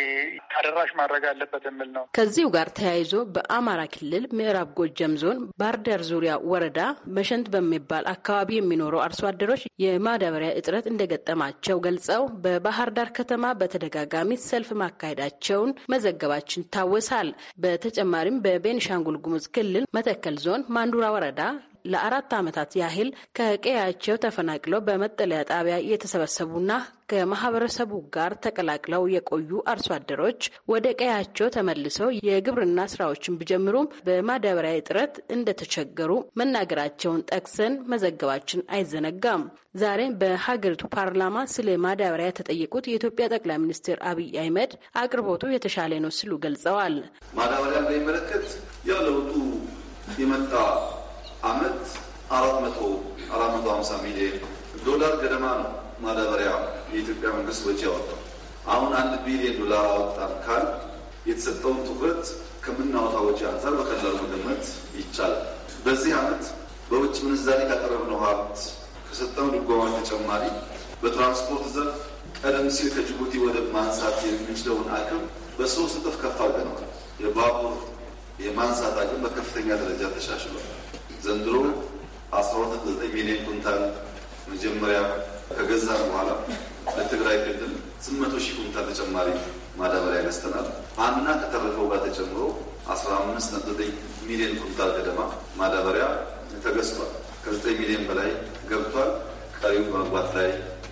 ተደራሽ ማድረግ አለበት የሚል ነው። ከዚሁ ጋር ተያይዞ በአማራ ክልል ምዕራብ ጎጀም ዞን ባህርዳር ዙሪያ ወረዳ መሸንት በሚባል አካባቢ የሚኖሩ አርሶ አደሮች የማዳበሪያ እጥረት እንደገጠማቸው ገልጸው በባህር ዳር ከተማ በተደጋጋሚ ሰልፍ ማካሄዳቸውን መዘገባችን ይታወሳል። በተጨማሪም በቤንሻንጉል ጉሙዝ ክልል መተከል ዞን ማንዱራ ወረዳ ለአራት ዓመታት ያህል ከቀያቸው ተፈናቅለው በመጠለያ ጣቢያ እየተሰበሰቡና ከማህበረሰቡ ጋር ተቀላቅለው የቆዩ አርሶ አደሮች ወደ ቀያቸው ተመልሰው የግብርና ስራዎችን ቢጀምሩም በማዳበሪያ እጥረት እንደተቸገሩ መናገራቸውን ጠቅሰን መዘገባችን አይዘነጋም። ዛሬ በሀገሪቱ ፓርላማ ስለ ማዳበሪያ የተጠየቁት የኢትዮጵያ ጠቅላይ ሚኒስትር አብይ አህመድ አቅርቦቱ የተሻለ ነው ሲሉ ገልጸዋል። ማዳበሪያ በሚመለከት ያው የመጣ አመት አራት መቶ አራት መቶ ሀምሳ ሚሊዮን ዶላር ገደማ ነው ማዳበሪያ የኢትዮጵያ መንግስት ወጪ ያወጣው። አሁን አንድ ቢሊዮን ዶላር አወጣን ካል የተሰጠውን ትኩረት ከምናወጣ ወጪ አንጻር በቀላሉ መገመት ይቻላል። በዚህ አመት በውጭ ምንዛሬ ካቀረብነው ሀብት ከሰጠው ድጎማ ተጨማሪ በትራንስፖርት ዘርፍ ቀደም ሲል ከጅቡቲ ወደብ ማንሳት የምንችለውን አቅም በሶስት እጥፍ ከፍ አድርገነዋል። የባቡር የማንሳት አቅም በከፍተኛ ደረጃ ተሻሽሏል። ዘንድሮ አስራ ሁለት ዘጠኝ ሚሊዮን ኩንታል መጀመሪያ ከገዛ በኋላ ለትግራይ ክልል ስምንት መቶ ሺህ ኩንታል ተጨማሪ ማዳበሪያ ይነስተናል። አምና ከተረፈው ጋር ተጨምሮ አስራ አምስት ነጥብ ዘጠኝ ሚሊዮን ኩንታል ገደማ ማዳበሪያ ተገዝቷል። ከዘጠኝ ሚሊዮን በላይ ገብቷል። ቀሪው በመግባት ላይ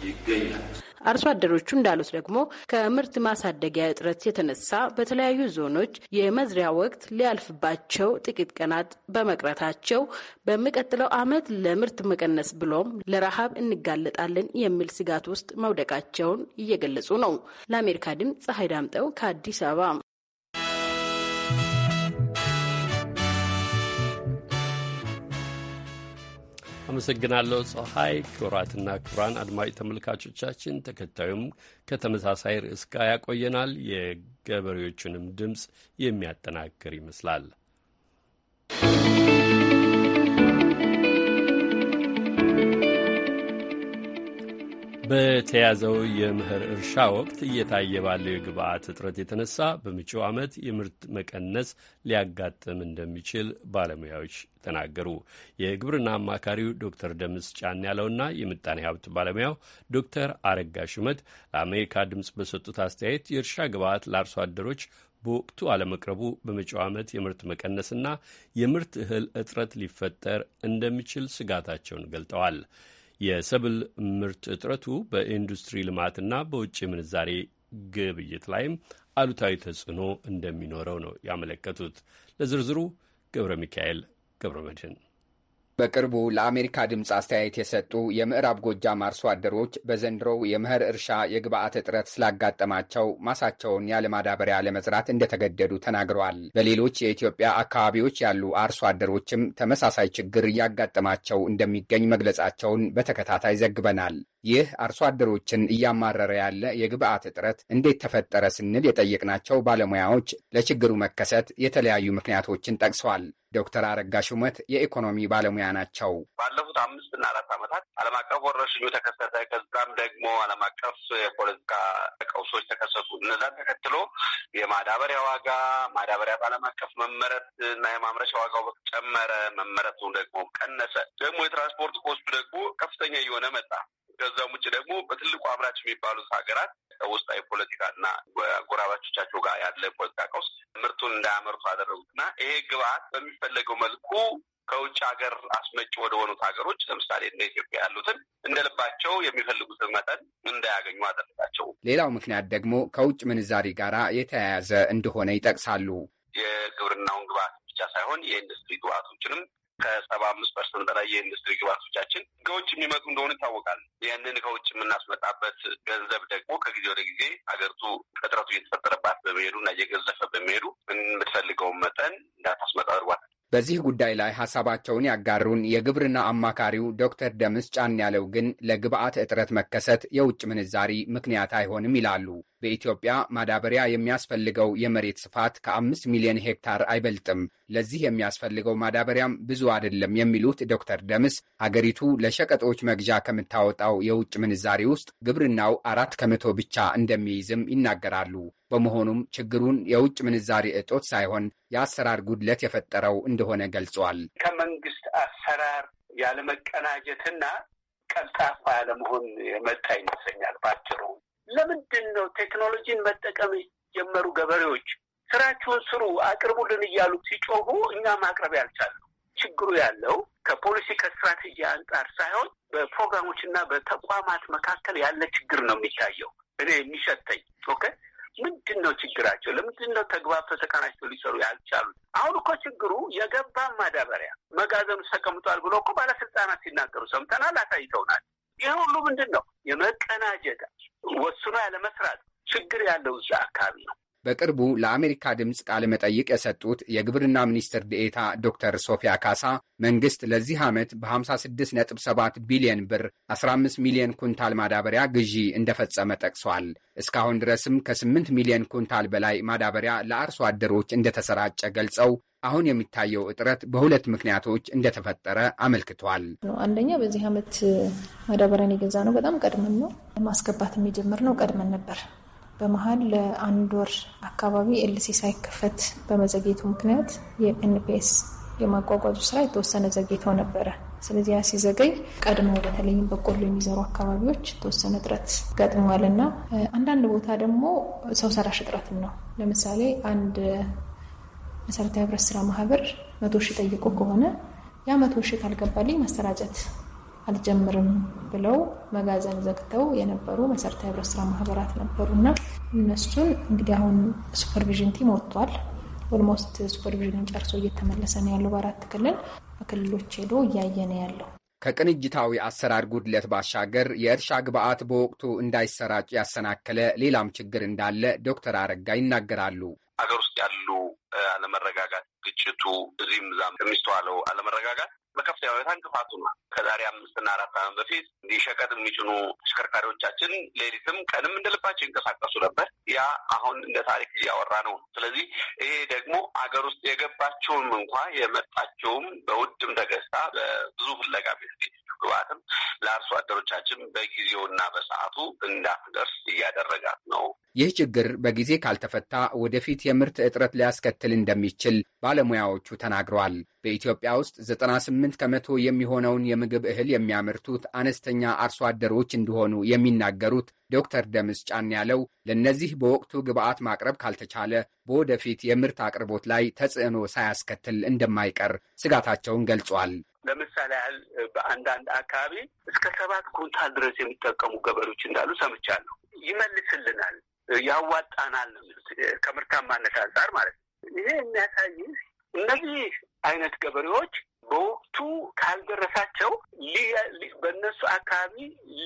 ይገኛል። አርሶ አደሮቹ እንዳሉት ደግሞ ከምርት ማሳደጊያ እጥረት የተነሳ በተለያዩ ዞኖች የመዝሪያ ወቅት ሊያልፍባቸው ጥቂት ቀናት በመቅረታቸው በሚቀጥለው ዓመት ለምርት መቀነስ ብሎም ለረሃብ እንጋለጣለን የሚል ስጋት ውስጥ መውደቃቸውን እየገለጹ ነው። ለአሜሪካ ድምፅ ፀሐይ ዳምጠው ከአዲስ አበባ አመሰግናለሁ ፀሐይ። ክቡራትና ክቡራን አድማጭ ተመልካቾቻችን ተከታዩም ከተመሳሳይ ርዕስ ጋር ያቆየናል። የገበሬዎቹንም ድምፅ የሚያጠናክር ይመስላል። በተያዘው የምህር እርሻ ወቅት እየታየ ባለው የግብአት እጥረት የተነሳ በመጪው ዓመት የምርት መቀነስ ሊያጋጥም እንደሚችል ባለሙያዎች ተናገሩ። የግብርና አማካሪው ዶክተር ደምስ ጫን ያለውና የምጣኔ ሀብት ባለሙያው ዶክተር አረጋ ሹመት ለአሜሪካ ድምፅ በሰጡት አስተያየት የእርሻ ግብአት ለአርሶ አደሮች በወቅቱ አለመቅረቡ በመጪው ዓመት የምርት መቀነስና የምርት እህል እጥረት ሊፈጠር እንደሚችል ስጋታቸውን ገልጠዋል። የሰብል ምርት እጥረቱ በኢንዱስትሪ ልማትና በውጭ ምንዛሬ ግብይት ላይም አሉታዊ ተጽዕኖ እንደሚኖረው ነው ያመለከቱት። ለዝርዝሩ ገብረ ሚካኤል ገብረ መድህን በቅርቡ ለአሜሪካ ድምፅ አስተያየት የሰጡ የምዕራብ ጎጃም አርሶ አደሮች በዘንድሮው የመኸር እርሻ የግብአት እጥረት ስላጋጠማቸው ማሳቸውን ያለ ማዳበሪያ ለመዝራት እንደተገደዱ ተናግረዋል። በሌሎች የኢትዮጵያ አካባቢዎች ያሉ አርሶ አደሮችም ተመሳሳይ ችግር እያጋጠማቸው እንደሚገኝ መግለጻቸውን በተከታታይ ዘግበናል። ይህ አርሶ አደሮችን እያማረረ ያለ የግብአት እጥረት እንዴት ተፈጠረ ስንል የጠየቅናቸው ባለሙያዎች ለችግሩ መከሰት የተለያዩ ምክንያቶችን ጠቅሰዋል። ዶክተር አረጋ ሹመት የኢኮኖሚ ባለሙያ ናቸው። ባለፉት አምስትና አራት ዓመታት ዓለም አቀፍ ወረርሽኙ ተከሰተ። ከዛም ደግሞ ዓለም አቀፍ የፖለቲካ ቀውሶች ተከሰቱ። እነዛን ተከትሎ የማዳበሪያ ዋጋ ማዳበሪያ በዓለም አቀፍ መመረት እና የማምረቻ ዋጋው ጨመረ፣ መመረቱ ደግሞ ቀነሰ። ደግሞ የትራንስፖርት ኮስቱ ደግሞ ከፍተኛ እየሆነ መጣ። ከዛም ውጭ ደግሞ በትልቁ አምራች የሚባሉት ሀገራት ውስጣዊ ፖለቲካ እና ጎራባቾቻቸው ጋር ያለ ፖለቲካ ቀውስ ምርቱን እንዳያመርቱ አደረጉት እና ይሄ ግብአት በሚፈለገው መልኩ ከውጭ ሀገር አስመጭ ወደ ሆኑት ሀገሮች ለምሳሌ እንደ ኢትዮጵያ ያሉትን እንደ ልባቸው የሚፈልጉትን መጠን እንዳያገኙ አደረጋቸው። ሌላው ምክንያት ደግሞ ከውጭ ምንዛሪ ጋራ የተያያዘ እንደሆነ ይጠቅሳሉ። የግብርናውን ግብአት ብቻ ሳይሆን የኢንዱስትሪ ግብአቶችንም ከሰባ አምስት ፐርሰንት በላይ የኢንዱስትሪ ግባቶቻችን ከውጭ የሚመጡ እንደሆኑ ይታወቃል። ያንን ከውጭ የምናስመጣበት ገንዘብ ደግሞ ከጊዜ ወደ ጊዜ ሀገሪቱ እጥረቱ እየተፈጠረባት በመሄዱ እና እየገዘፈ በመሄዱ የምትፈልገውን መጠን እንዳታስመጣ አድርጓታል። በዚህ ጉዳይ ላይ ሀሳባቸውን ያጋሩን የግብርና አማካሪው ዶክተር ደምስ ጫን ያለው ግን ለግብአት እጥረት መከሰት የውጭ ምንዛሪ ምክንያት አይሆንም ይላሉ። በኢትዮጵያ ማዳበሪያ የሚያስፈልገው የመሬት ስፋት ከአምስት ሚሊዮን ሄክታር አይበልጥም። ለዚህ የሚያስፈልገው ማዳበሪያም ብዙ አይደለም የሚሉት ዶክተር ደምስ ሀገሪቱ ለሸቀጦች መግዣ ከምታወጣው የውጭ ምንዛሪ ውስጥ ግብርናው አራት ከመቶ ብቻ እንደሚይዝም ይናገራሉ። በመሆኑም ችግሩን የውጭ ምንዛሪ እጦት ሳይሆን የአሰራር ጉድለት የፈጠረው እንደሆነ ገልጿል። ከመንግስት አሰራር ያለመቀናጀትና ቀልጣፋ ያለመሆን የመጣ ይመስለኛል። ባጭሩ ለምንድን ነው ቴክኖሎጂን መጠቀም የጀመሩ ገበሬዎች ስራችሁን ስሩ አቅርቡልን እያሉ ሲጮሁ እኛ ማቅረብ ያልቻሉ? ችግሩ ያለው ከፖሊሲ ከስትራቴጂ አንጻር ሳይሆን በፕሮግራሞች እና በተቋማት መካከል ያለ ችግር ነው የሚታየው። እኔ የሚሸተኝ ኦኬ ምንድን ነው ችግራቸው? ለምንድን ነው ተግባብተው ተቀናጅተው ሊሰሩ ያልቻሉት? አሁን እኮ ችግሩ የገባ ማዳበሪያ መጋዘኑ ተቀምጧል ብሎ እኮ ባለስልጣናት ሲናገሩ ሰምተናል፣ አሳይተውናል። ይህ ሁሉ ምንድን ነው የመቀናጀት ወስኖ ያለመስራት ችግር ያለው እዛ አካባቢ ነው። በቅርቡ ለአሜሪካ ድምፅ ቃለ መጠይቅ የሰጡት የግብርና ሚኒስትር ዴኤታ ዶክተር ሶፊያ ካሳ መንግስት ለዚህ ዓመት በ56.7 ቢሊዮን ብር 15 ሚሊዮን ኩንታል ማዳበሪያ ግዢ እንደፈጸመ ጠቅሷል። እስካሁን ድረስም ከ8 ሚሊዮን ኩንታል በላይ ማዳበሪያ ለአርሶ አደሮች እንደተሰራጨ ገልጸው አሁን የሚታየው እጥረት በሁለት ምክንያቶች እንደተፈጠረ አመልክቷል። አንደኛ በዚህ ዓመት ማዳበሪያን የገዛ ነው በጣም ቀድመን ነው ማስገባት የሚጀምር ነው ቀድመን ነበር በመሀል ለአንድ ወር አካባቢ ኤልሲ ሳይከፈት በመዘግየቱ ምክንያት የኤንፒኤስ የማጓጓዙ ስራ የተወሰነ ዘግይቶ ነበረ። ስለዚህ ያ ሲዘገይ ቀድሞ በተለይም በቆሎ የሚዘሩ አካባቢዎች የተወሰነ እጥረት ገጥሟል እና አንዳንድ ቦታ ደግሞ ሰው ሰራሽ እጥረትም ነው። ለምሳሌ አንድ መሰረታዊ ህብረት ስራ ማህበር መቶ ሺህ ጠይቆ ከሆነ ያ መቶ ሺህ ካልገባልኝ ማሰራጨት አልጀምርም ብለው መጋዘን ዘግተው የነበሩ መሰረታዊ ህብረት ስራ ማህበራት ነበሩና እነሱን እንግዲህ አሁን ሱፐርቪዥን ቲም ወጥቷል። ኦልሞስት ሱፐርቪዥንን ጨርሶ እየተመለሰ ነው ያለው በአራት ክልል በክልሎች ሄዶ እያየ ነው ያለው። ከቅንጅታዊ አሰራር ጉድለት ባሻገር የእርሻ ግብዓት በወቅቱ እንዳይሰራጭ ያሰናከለ ሌላም ችግር እንዳለ ዶክተር አረጋ ይናገራሉ። ሀገር ውስጥ ያሉ አለመረጋጋት፣ ግጭቱ እዚህም ዛም የሚስተዋለው አለመረጋጋት በከፍተኛ ሁኔታ እንቅፋቱ ነው። ከዛሬ አምስትና አራት ዓመት በፊት ሸቀጥ የሚጭኑ ተሽከርካሪዎቻችን ሌሊትም ቀንም እንደልባቸው ይንቀሳቀሱ ነበር። ያ አሁን እንደ ታሪክ እያወራ ነው። ስለዚህ ይሄ ደግሞ አገር ውስጥ የገባችውም እንኳ የመጣችውም በውድም ተገዝታ በብዙ ፍለጋ ቤት ግባትም ለአርሶ አደሮቻችን በጊዜውና በሰዓቱ እንዳትደርስ እያደረጋት ነው። ይህ ችግር በጊዜ ካልተፈታ ወደፊት የምርት እጥረት ሊያስከትል እንደሚችል ባለሙያዎቹ ተናግረዋል። በኢትዮጵያ ውስጥ 98 ከመቶ የሚሆነውን የምግብ እህል የሚያመርቱት አነስተኛ አርሶ አደሮች እንደሆኑ የሚናገሩት ዶክተር ደምስ ጫን ያለው ለእነዚህ በወቅቱ ግብዓት ማቅረብ ካልተቻለ በወደፊት የምርት አቅርቦት ላይ ተጽዕኖ ሳያስከትል እንደማይቀር ስጋታቸውን ገልጿል። ለምሳሌ ያህል በአንዳንድ አካባቢ እስከ ሰባት ኩንታል ድረስ የሚጠቀሙ ገበሬዎች እንዳሉ ሰምቻለሁ። ይመልስልናል፣ ያዋጣናል ነው የሚሉት ከምርታማነት አንጻር ማለት ነው። ይሄ የሚያሳይ እነዚህ አይነት ገበሬዎች በወቅቱ ካልደረሳቸው በእነሱ አካባቢ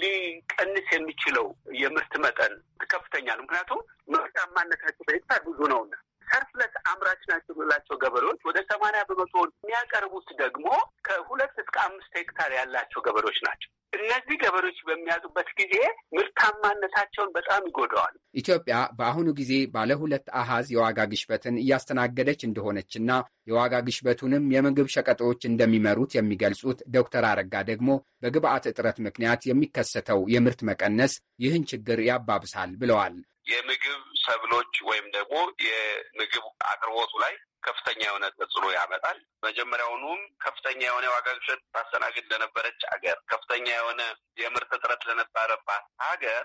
ሊቀንስ የሚችለው የምርት መጠን ከፍተኛ ነው። ምክንያቱም ምርታማነታቸው በሄክታር ብዙ ነውና ተርፍለስ አምራች ናቸው የምንላቸው ገበሬዎች ወደ ሰማንያ በመቶ የሚያቀርቡት ደግሞ ከሁለት እስከ አምስት ሄክታር ያላቸው ገበሬዎች ናቸው። እነዚህ ገበሬዎች በሚያጡበት ጊዜ ምርታማነታቸውን በጣም ይጎዳዋል። ኢትዮጵያ በአሁኑ ጊዜ ባለ ሁለት አሃዝ የዋጋ ግሽበትን እያስተናገደች እንደሆነችና የዋጋ ግሽበቱንም የምግብ ሸቀጦች እንደሚመሩት የሚገልጹት ዶክተር አረጋ ደግሞ በግብአት እጥረት ምክንያት የሚከሰተው የምርት መቀነስ ይህን ችግር ያባብሳል ብለዋል። የምግብ ሰብሎች ወይም ደግሞ የምግብ አቅርቦቱ ላይ ከፍተኛ የሆነ ተጽዕኖ ያመጣል። መጀመሪያውኑም ከፍተኛ የሆነ የዋጋ ግሽበት ታስተናግድ ለነበረች ሀገር፣ ከፍተኛ የሆነ የምርት እጥረት ለነበረባት ሀገር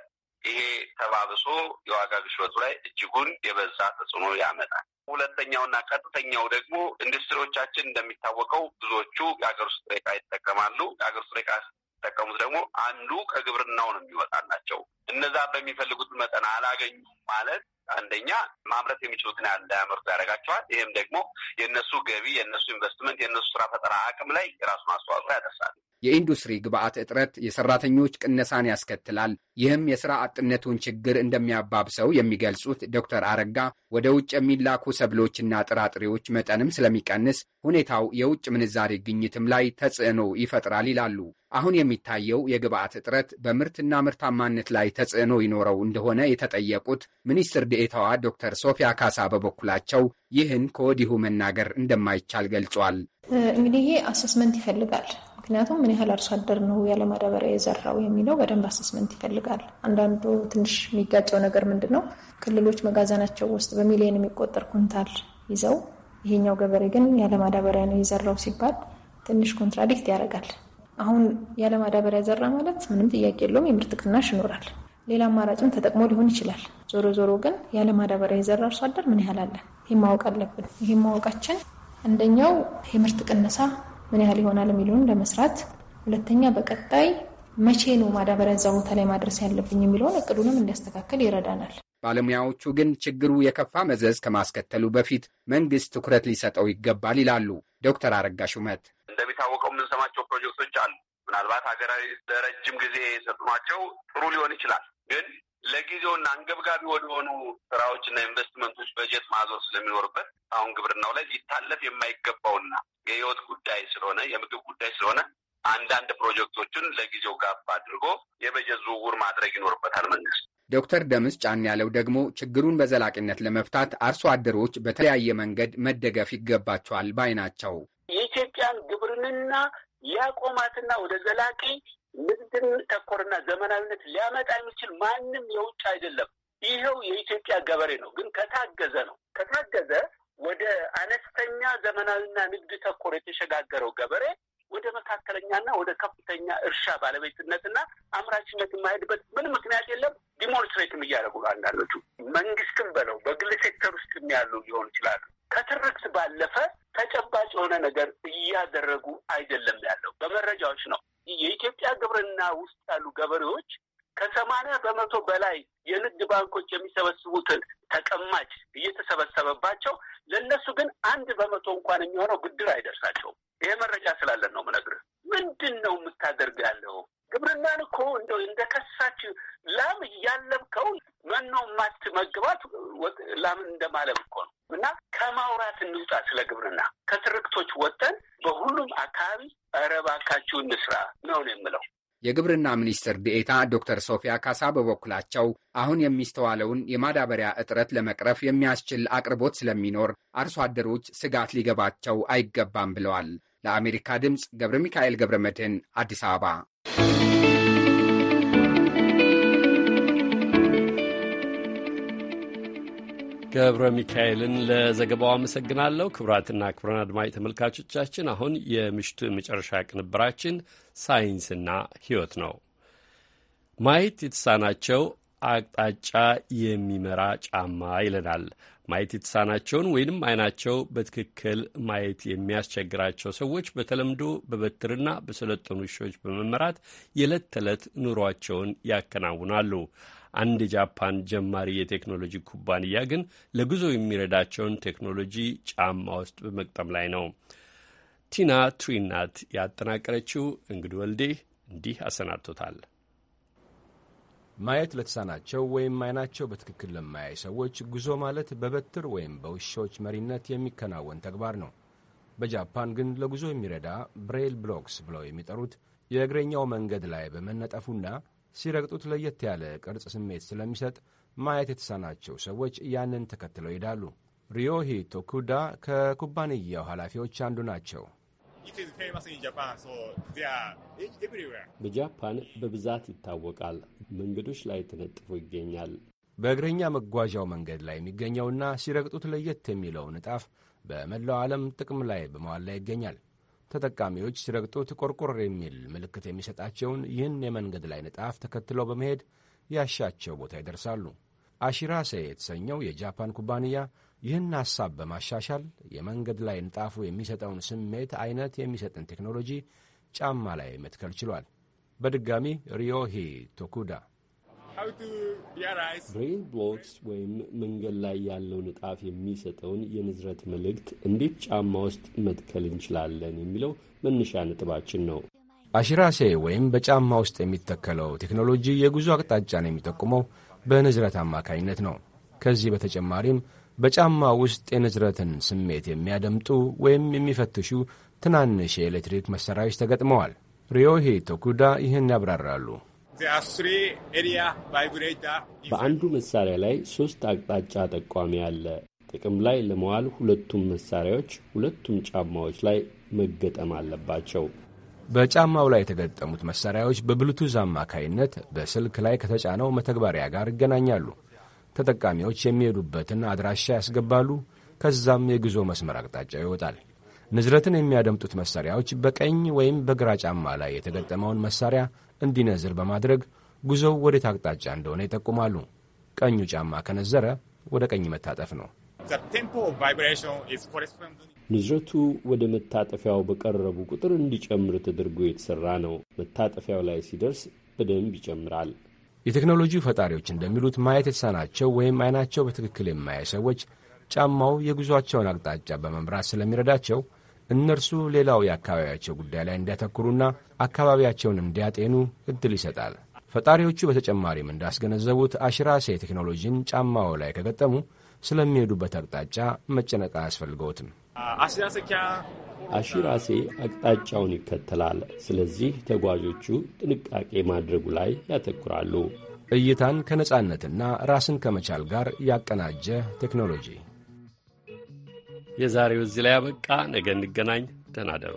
ይሄ ተባብሶ የዋጋ ግሽበቱ ላይ እጅጉን የበዛ ተጽዕኖ ያመጣል። ሁለተኛውና ቀጥተኛው ደግሞ ኢንዱስትሪዎቻችን እንደሚታወቀው ብዙዎቹ የሀገር ውስጥ ጥሬ ዕቃ ይጠቀማሉ። የሀገር ውስጥ ጥሬ ዕቃ የሚጠቀሙት ደግሞ አንዱ ከግብርናው ነው ናቸው። እነዛ በሚፈልጉት መጠን አላገኙም ማለት አንደኛ ማምረት የሚችሉትን ያለ ምርት ያደርጋቸዋል። ይህም ደግሞ የእነሱ ገቢ፣ የእነሱ ኢንቨስትመንት፣ የእነሱ ስራ ፈጠራ አቅም ላይ የራሱን አስተዋጽኦ ያደርሳል። የኢንዱስትሪ ግብአት እጥረት የሰራተኞች ቅነሳን ያስከትላል። ይህም የስራ አጥነቱን ችግር እንደሚያባብሰው የሚገልጹት ዶክተር አረጋ ወደ ውጭ የሚላኩ ሰብሎችና ጥራጥሬዎች መጠንም ስለሚቀንስ ሁኔታው የውጭ ምንዛሬ ግኝትም ላይ ተጽዕኖ ይፈጥራል ይላሉ። አሁን የሚታየው የግብአት እጥረት በምርትና ምርታማነት ላይ ተጽዕኖ ይኖረው እንደሆነ የተጠየቁት ሚኒስትር ዴኤታዋ ዶክተር ሶፊያ ካሳ በበኩላቸው ይህን ከወዲሁ መናገር እንደማይቻል ገልጿል። እንግዲህ ይሄ አሰስመንት ይፈልጋል። ምክንያቱም ምን ያህል አርሶ አደር ነው ያለማዳበሪያ የዘራው የሚለው በደንብ አሰስመንት ይፈልጋል። አንዳንዱ ትንሽ የሚጋጨው ነገር ምንድን ነው? ክልሎች መጋዘናቸው ውስጥ በሚሊዮን የሚቆጠር ኩንታል ይዘው ይሄኛው ገበሬ ግን ያለማዳበሪያ ነው የዘራው ሲባል ትንሽ ኮንትራዲክት ያደርጋል። አሁን ያለ ማዳበሪያ ዘራ ማለት ምንም ጥያቄ የለውም፣ የምርት ቅናሽ ይኖራል። ሌላ አማራጭም ተጠቅሞ ሊሆን ይችላል። ዞሮ ዞሮ ግን ያለ ማዳበሪያ የዘራ አርሶ አደር ምን ያህል አለ? ይህ ማወቅ አለብን። ይህ ማወቃችን አንደኛው የምርት ቅነሳ ምን ያህል ይሆናል የሚለውን ለመስራት፣ ሁለተኛ በቀጣይ መቼ ነው ማዳበሪያ እዛ ቦታ ላይ ማድረስ ያለብኝ የሚለውን እቅዱንም እንዲያስተካከል ይረዳናል። ባለሙያዎቹ ግን ችግሩ የከፋ መዘዝ ከማስከተሉ በፊት መንግስት ትኩረት ሊሰጠው ይገባል ይላሉ ዶክተር አረጋ ሹመት። የታወቀው የምንሰማቸው ፕሮጀክቶች አሉ። ምናልባት ሀገራዊ ለረጅም ጊዜ የሰጡናቸው ጥሩ ሊሆን ይችላል ግን ለጊዜውና አንገብጋቢ ወደሆኑ ስራዎችና ኢንቨስትመንቶች በጀት ማዞር ስለሚኖርበት አሁን ግብርናው ላይ ሊታለፍ የማይገባውና የህይወት ጉዳይ ስለሆነ የምግብ ጉዳይ ስለሆነ አንዳንድ ፕሮጀክቶችን ለጊዜው ጋብ አድርጎ የበጀት ዝውውር ማድረግ ይኖርበታል መንግስት። ዶክተር ደምስ ጫን ያለው ደግሞ ችግሩን በዘላቂነት ለመፍታት አርሶ አደሮች በተለያየ መንገድ መደገፍ ይገባቸዋል ባይ ናቸው። የኢትዮጵያን ግብርንና ሊያቆማትና ወደ ዘላቂ ንግድን ተኮርና ዘመናዊነት ሊያመጣ የሚችል ማንም የውጭ አይደለም። ይኸው የኢትዮጵያ ገበሬ ነው። ግን ከታገዘ ነው ከታገዘ ወደ አነስተኛ ዘመናዊና ንግድ ተኮር የተሸጋገረው ገበሬ ወደ መካከለኛና ወደ ከፍተኛ እርሻ ባለቤትነትና አምራችነት የማሄድበት ምን ምክንያት የለም። ዲሞንስትሬትም እያደረጉ አንዳንዶቹ። መንግስትም በለው በግል ሴክተር ውስጥ ያሉ ሊሆን ይችላሉ። ከትርክት ባለፈ ተጨባጭ የሆነ ነገር እያደረጉ አይደለም ያለው በመረጃዎች ነው። የኢትዮጵያ ግብርና ውስጥ ያሉ ገበሬዎች ከሰማንያ በመቶ በላይ የንግድ ባንኮች የሚሰበስቡትን ተቀማጭ እየተሰበሰበባቸው ለእነሱ ግን አንድ በመቶ እንኳን የሚሆነው ብድር አይደርሳቸውም። ይሄ መረጃ ስላለን ነው ምነግርህ። ምንድን ነው የምታደርግ ያለው ግብርናን እኮ እንደ እንደከሳች ላም እያለብከው መኖ ማትመግባት ላም እንደማለብ እኮ ነው። እና ከማውራት እንውጣ፣ ስለ ግብርና ከትርክቶች ወጥተን በሁሉም አካባቢ ኧረ እባካችሁ እንስራ ነው ነው የምለው። የግብርና ሚኒስትር ዴኤታ ዶክተር ሶፊያ ካሳ በበኩላቸው አሁን የሚስተዋለውን የማዳበሪያ እጥረት ለመቅረፍ የሚያስችል አቅርቦት ስለሚኖር አርሶ አደሮች ስጋት ሊገባቸው አይገባም ብለዋል። ለአሜሪካ ድምፅ ገብረ ሚካኤል ገብረ መድህን አዲስ አበባ ገብረ ሚካኤልን ለዘገባው አመሰግናለሁ። ክቡራትና ክቡራን አድማጭ ተመልካቾቻችን አሁን የምሽቱ የመጨረሻ ቅንብራችን ሳይንስና ሕይወት ነው። ማየት የተሳናቸው አቅጣጫ የሚመራ ጫማ ይለናል። ማየት የተሳናቸውን ወይንም አይናቸው በትክክል ማየት የሚያስቸግራቸው ሰዎች በተለምዶ በበትርና በሰለጠኑ ውሾች በመመራት የዕለት ተዕለት ኑሯቸውን ያከናውናሉ። አንድ ጃፓን ጀማሪ የቴክኖሎጂ ኩባንያ ግን ለጉዞ የሚረዳቸውን ቴክኖሎጂ ጫማ ውስጥ በመቅጠም ላይ ነው። ቲና ትሪናት ያጠናቀረችው እንግዲ ወልዴ እንዲህ አሰናድቶታል። ማየት ለተሳናቸው ወይም አይናቸው በትክክል ለማያይ ሰዎች ጉዞ ማለት በበትር ወይም በውሻዎች መሪነት የሚከናወን ተግባር ነው። በጃፓን ግን ለጉዞ የሚረዳ ብሬል ብሎክስ ብለው የሚጠሩት የእግረኛው መንገድ ላይ በመነጠፉና ሲረግጡት ለየት ያለ ቅርጽ ስሜት ስለሚሰጥ ማየት የተሳናቸው ሰዎች ያንን ተከትለው ይሄዳሉ። ሪዮሂ ቶኩዳ ከኩባንያው ኃላፊዎች አንዱ ናቸው። በጃፓን በብዛት ይታወቃል። መንገዶች ላይ ተነጥፎ ይገኛል። በእግረኛ መጓዣው መንገድ ላይ የሚገኘውና ሲረግጡት ለየት የሚለው ንጣፍ በመላው ዓለም ጥቅም ላይ በመዋል ላይ ይገኛል። ተጠቃሚዎች ሲረግጡት ቆርቆር የሚል ምልክት የሚሰጣቸውን ይህን የመንገድ ላይ ንጣፍ ተከትለው በመሄድ ያሻቸው ቦታ ይደርሳሉ። አሺራሴ የተሰኘው የጃፓን ኩባንያ ይህን ሐሳብ በማሻሻል የመንገድ ላይ ንጣፉ የሚሰጠውን ስሜት ዐይነት የሚሰጥን ቴክኖሎጂ ጫማ ላይ መትከል ችሏል። በድጋሚ ሪዮሂ ቶኩዳ ብሬን ብሎክስ ወይም መንገድ ላይ ያለው ንጣፍ የሚሰጠውን የንዝረት መልእክት እንዴት ጫማ ውስጥ መትከል እንችላለን የሚለው መነሻ ነጥባችን ነው። አሽራሴ ወይም በጫማ ውስጥ የሚተከለው ቴክኖሎጂ የጉዞ አቅጣጫን የሚጠቁመው በንዝረት አማካኝነት ነው። ከዚህ በተጨማሪም በጫማ ውስጥ የንዝረትን ስሜት የሚያደምጡ ወይም የሚፈትሹ ትናንሽ የኤሌክትሪክ መሳሪያዎች ተገጥመዋል። ሪዮሄ ቶኩዳ ይህን ያብራራሉ። በአንዱ መሳሪያ ላይ ሶስት አቅጣጫ ጠቋሚ አለ። ጥቅም ላይ ለመዋል ሁለቱም መሳሪያዎች ሁለቱም ጫማዎች ላይ መገጠም አለባቸው። በጫማው ላይ የተገጠሙት መሳሪያዎች በብሉቱዝ አማካይነት በስልክ ላይ ከተጫነው መተግበሪያ ጋር ይገናኛሉ። ተጠቃሚዎች የሚሄዱበትን አድራሻ ያስገባሉ። ከዛም የጉዞ መስመር አቅጣጫ ይወጣል። ንዝረትን የሚያደምጡት መሳሪያዎች በቀኝ ወይም በግራ ጫማ ላይ የተገጠመውን መሳሪያ እንዲነዝር በማድረግ ጉዞው ወዴት አቅጣጫ እንደሆነ ይጠቁማሉ። ቀኙ ጫማ ከነዘረ ወደ ቀኝ መታጠፍ ነው። ንዝረቱ ወደ መታጠፊያው በቀረቡ ቁጥር እንዲጨምር ተደርጎ የተሠራ ነው። መታጠፊያው ላይ ሲደርስ በደንብ ይጨምራል። የቴክኖሎጂ ፈጣሪዎች እንደሚሉት ማየት የተሳናቸው ወይም አይናቸው በትክክል የማያ ሰዎች ጫማው የጉዟቸውን አቅጣጫ በመምራት ስለሚረዳቸው እነርሱ ሌላው የአካባቢያቸው ጉዳይ ላይ እንዲያተኩሩና አካባቢያቸውን እንዲያጤኑ እድል ይሰጣል። ፈጣሪዎቹ በተጨማሪም እንዳስገነዘቡት አሽራሴ ቴክኖሎጂን ጫማው ላይ ከገጠሙ ስለሚሄዱበት አቅጣጫ መጨነቅ አያስፈልገውትም። አሽራሴ አቅጣጫውን ይከተላል። ስለዚህ ተጓዦቹ ጥንቃቄ ማድረጉ ላይ ያተኩራሉ። እይታን ከነጻነትና ራስን ከመቻል ጋር ያቀናጀ ቴክኖሎጂ የዛሬው እዚህ ላይ አበቃ። ነገ እንገናኝ። ደህና ደሩ።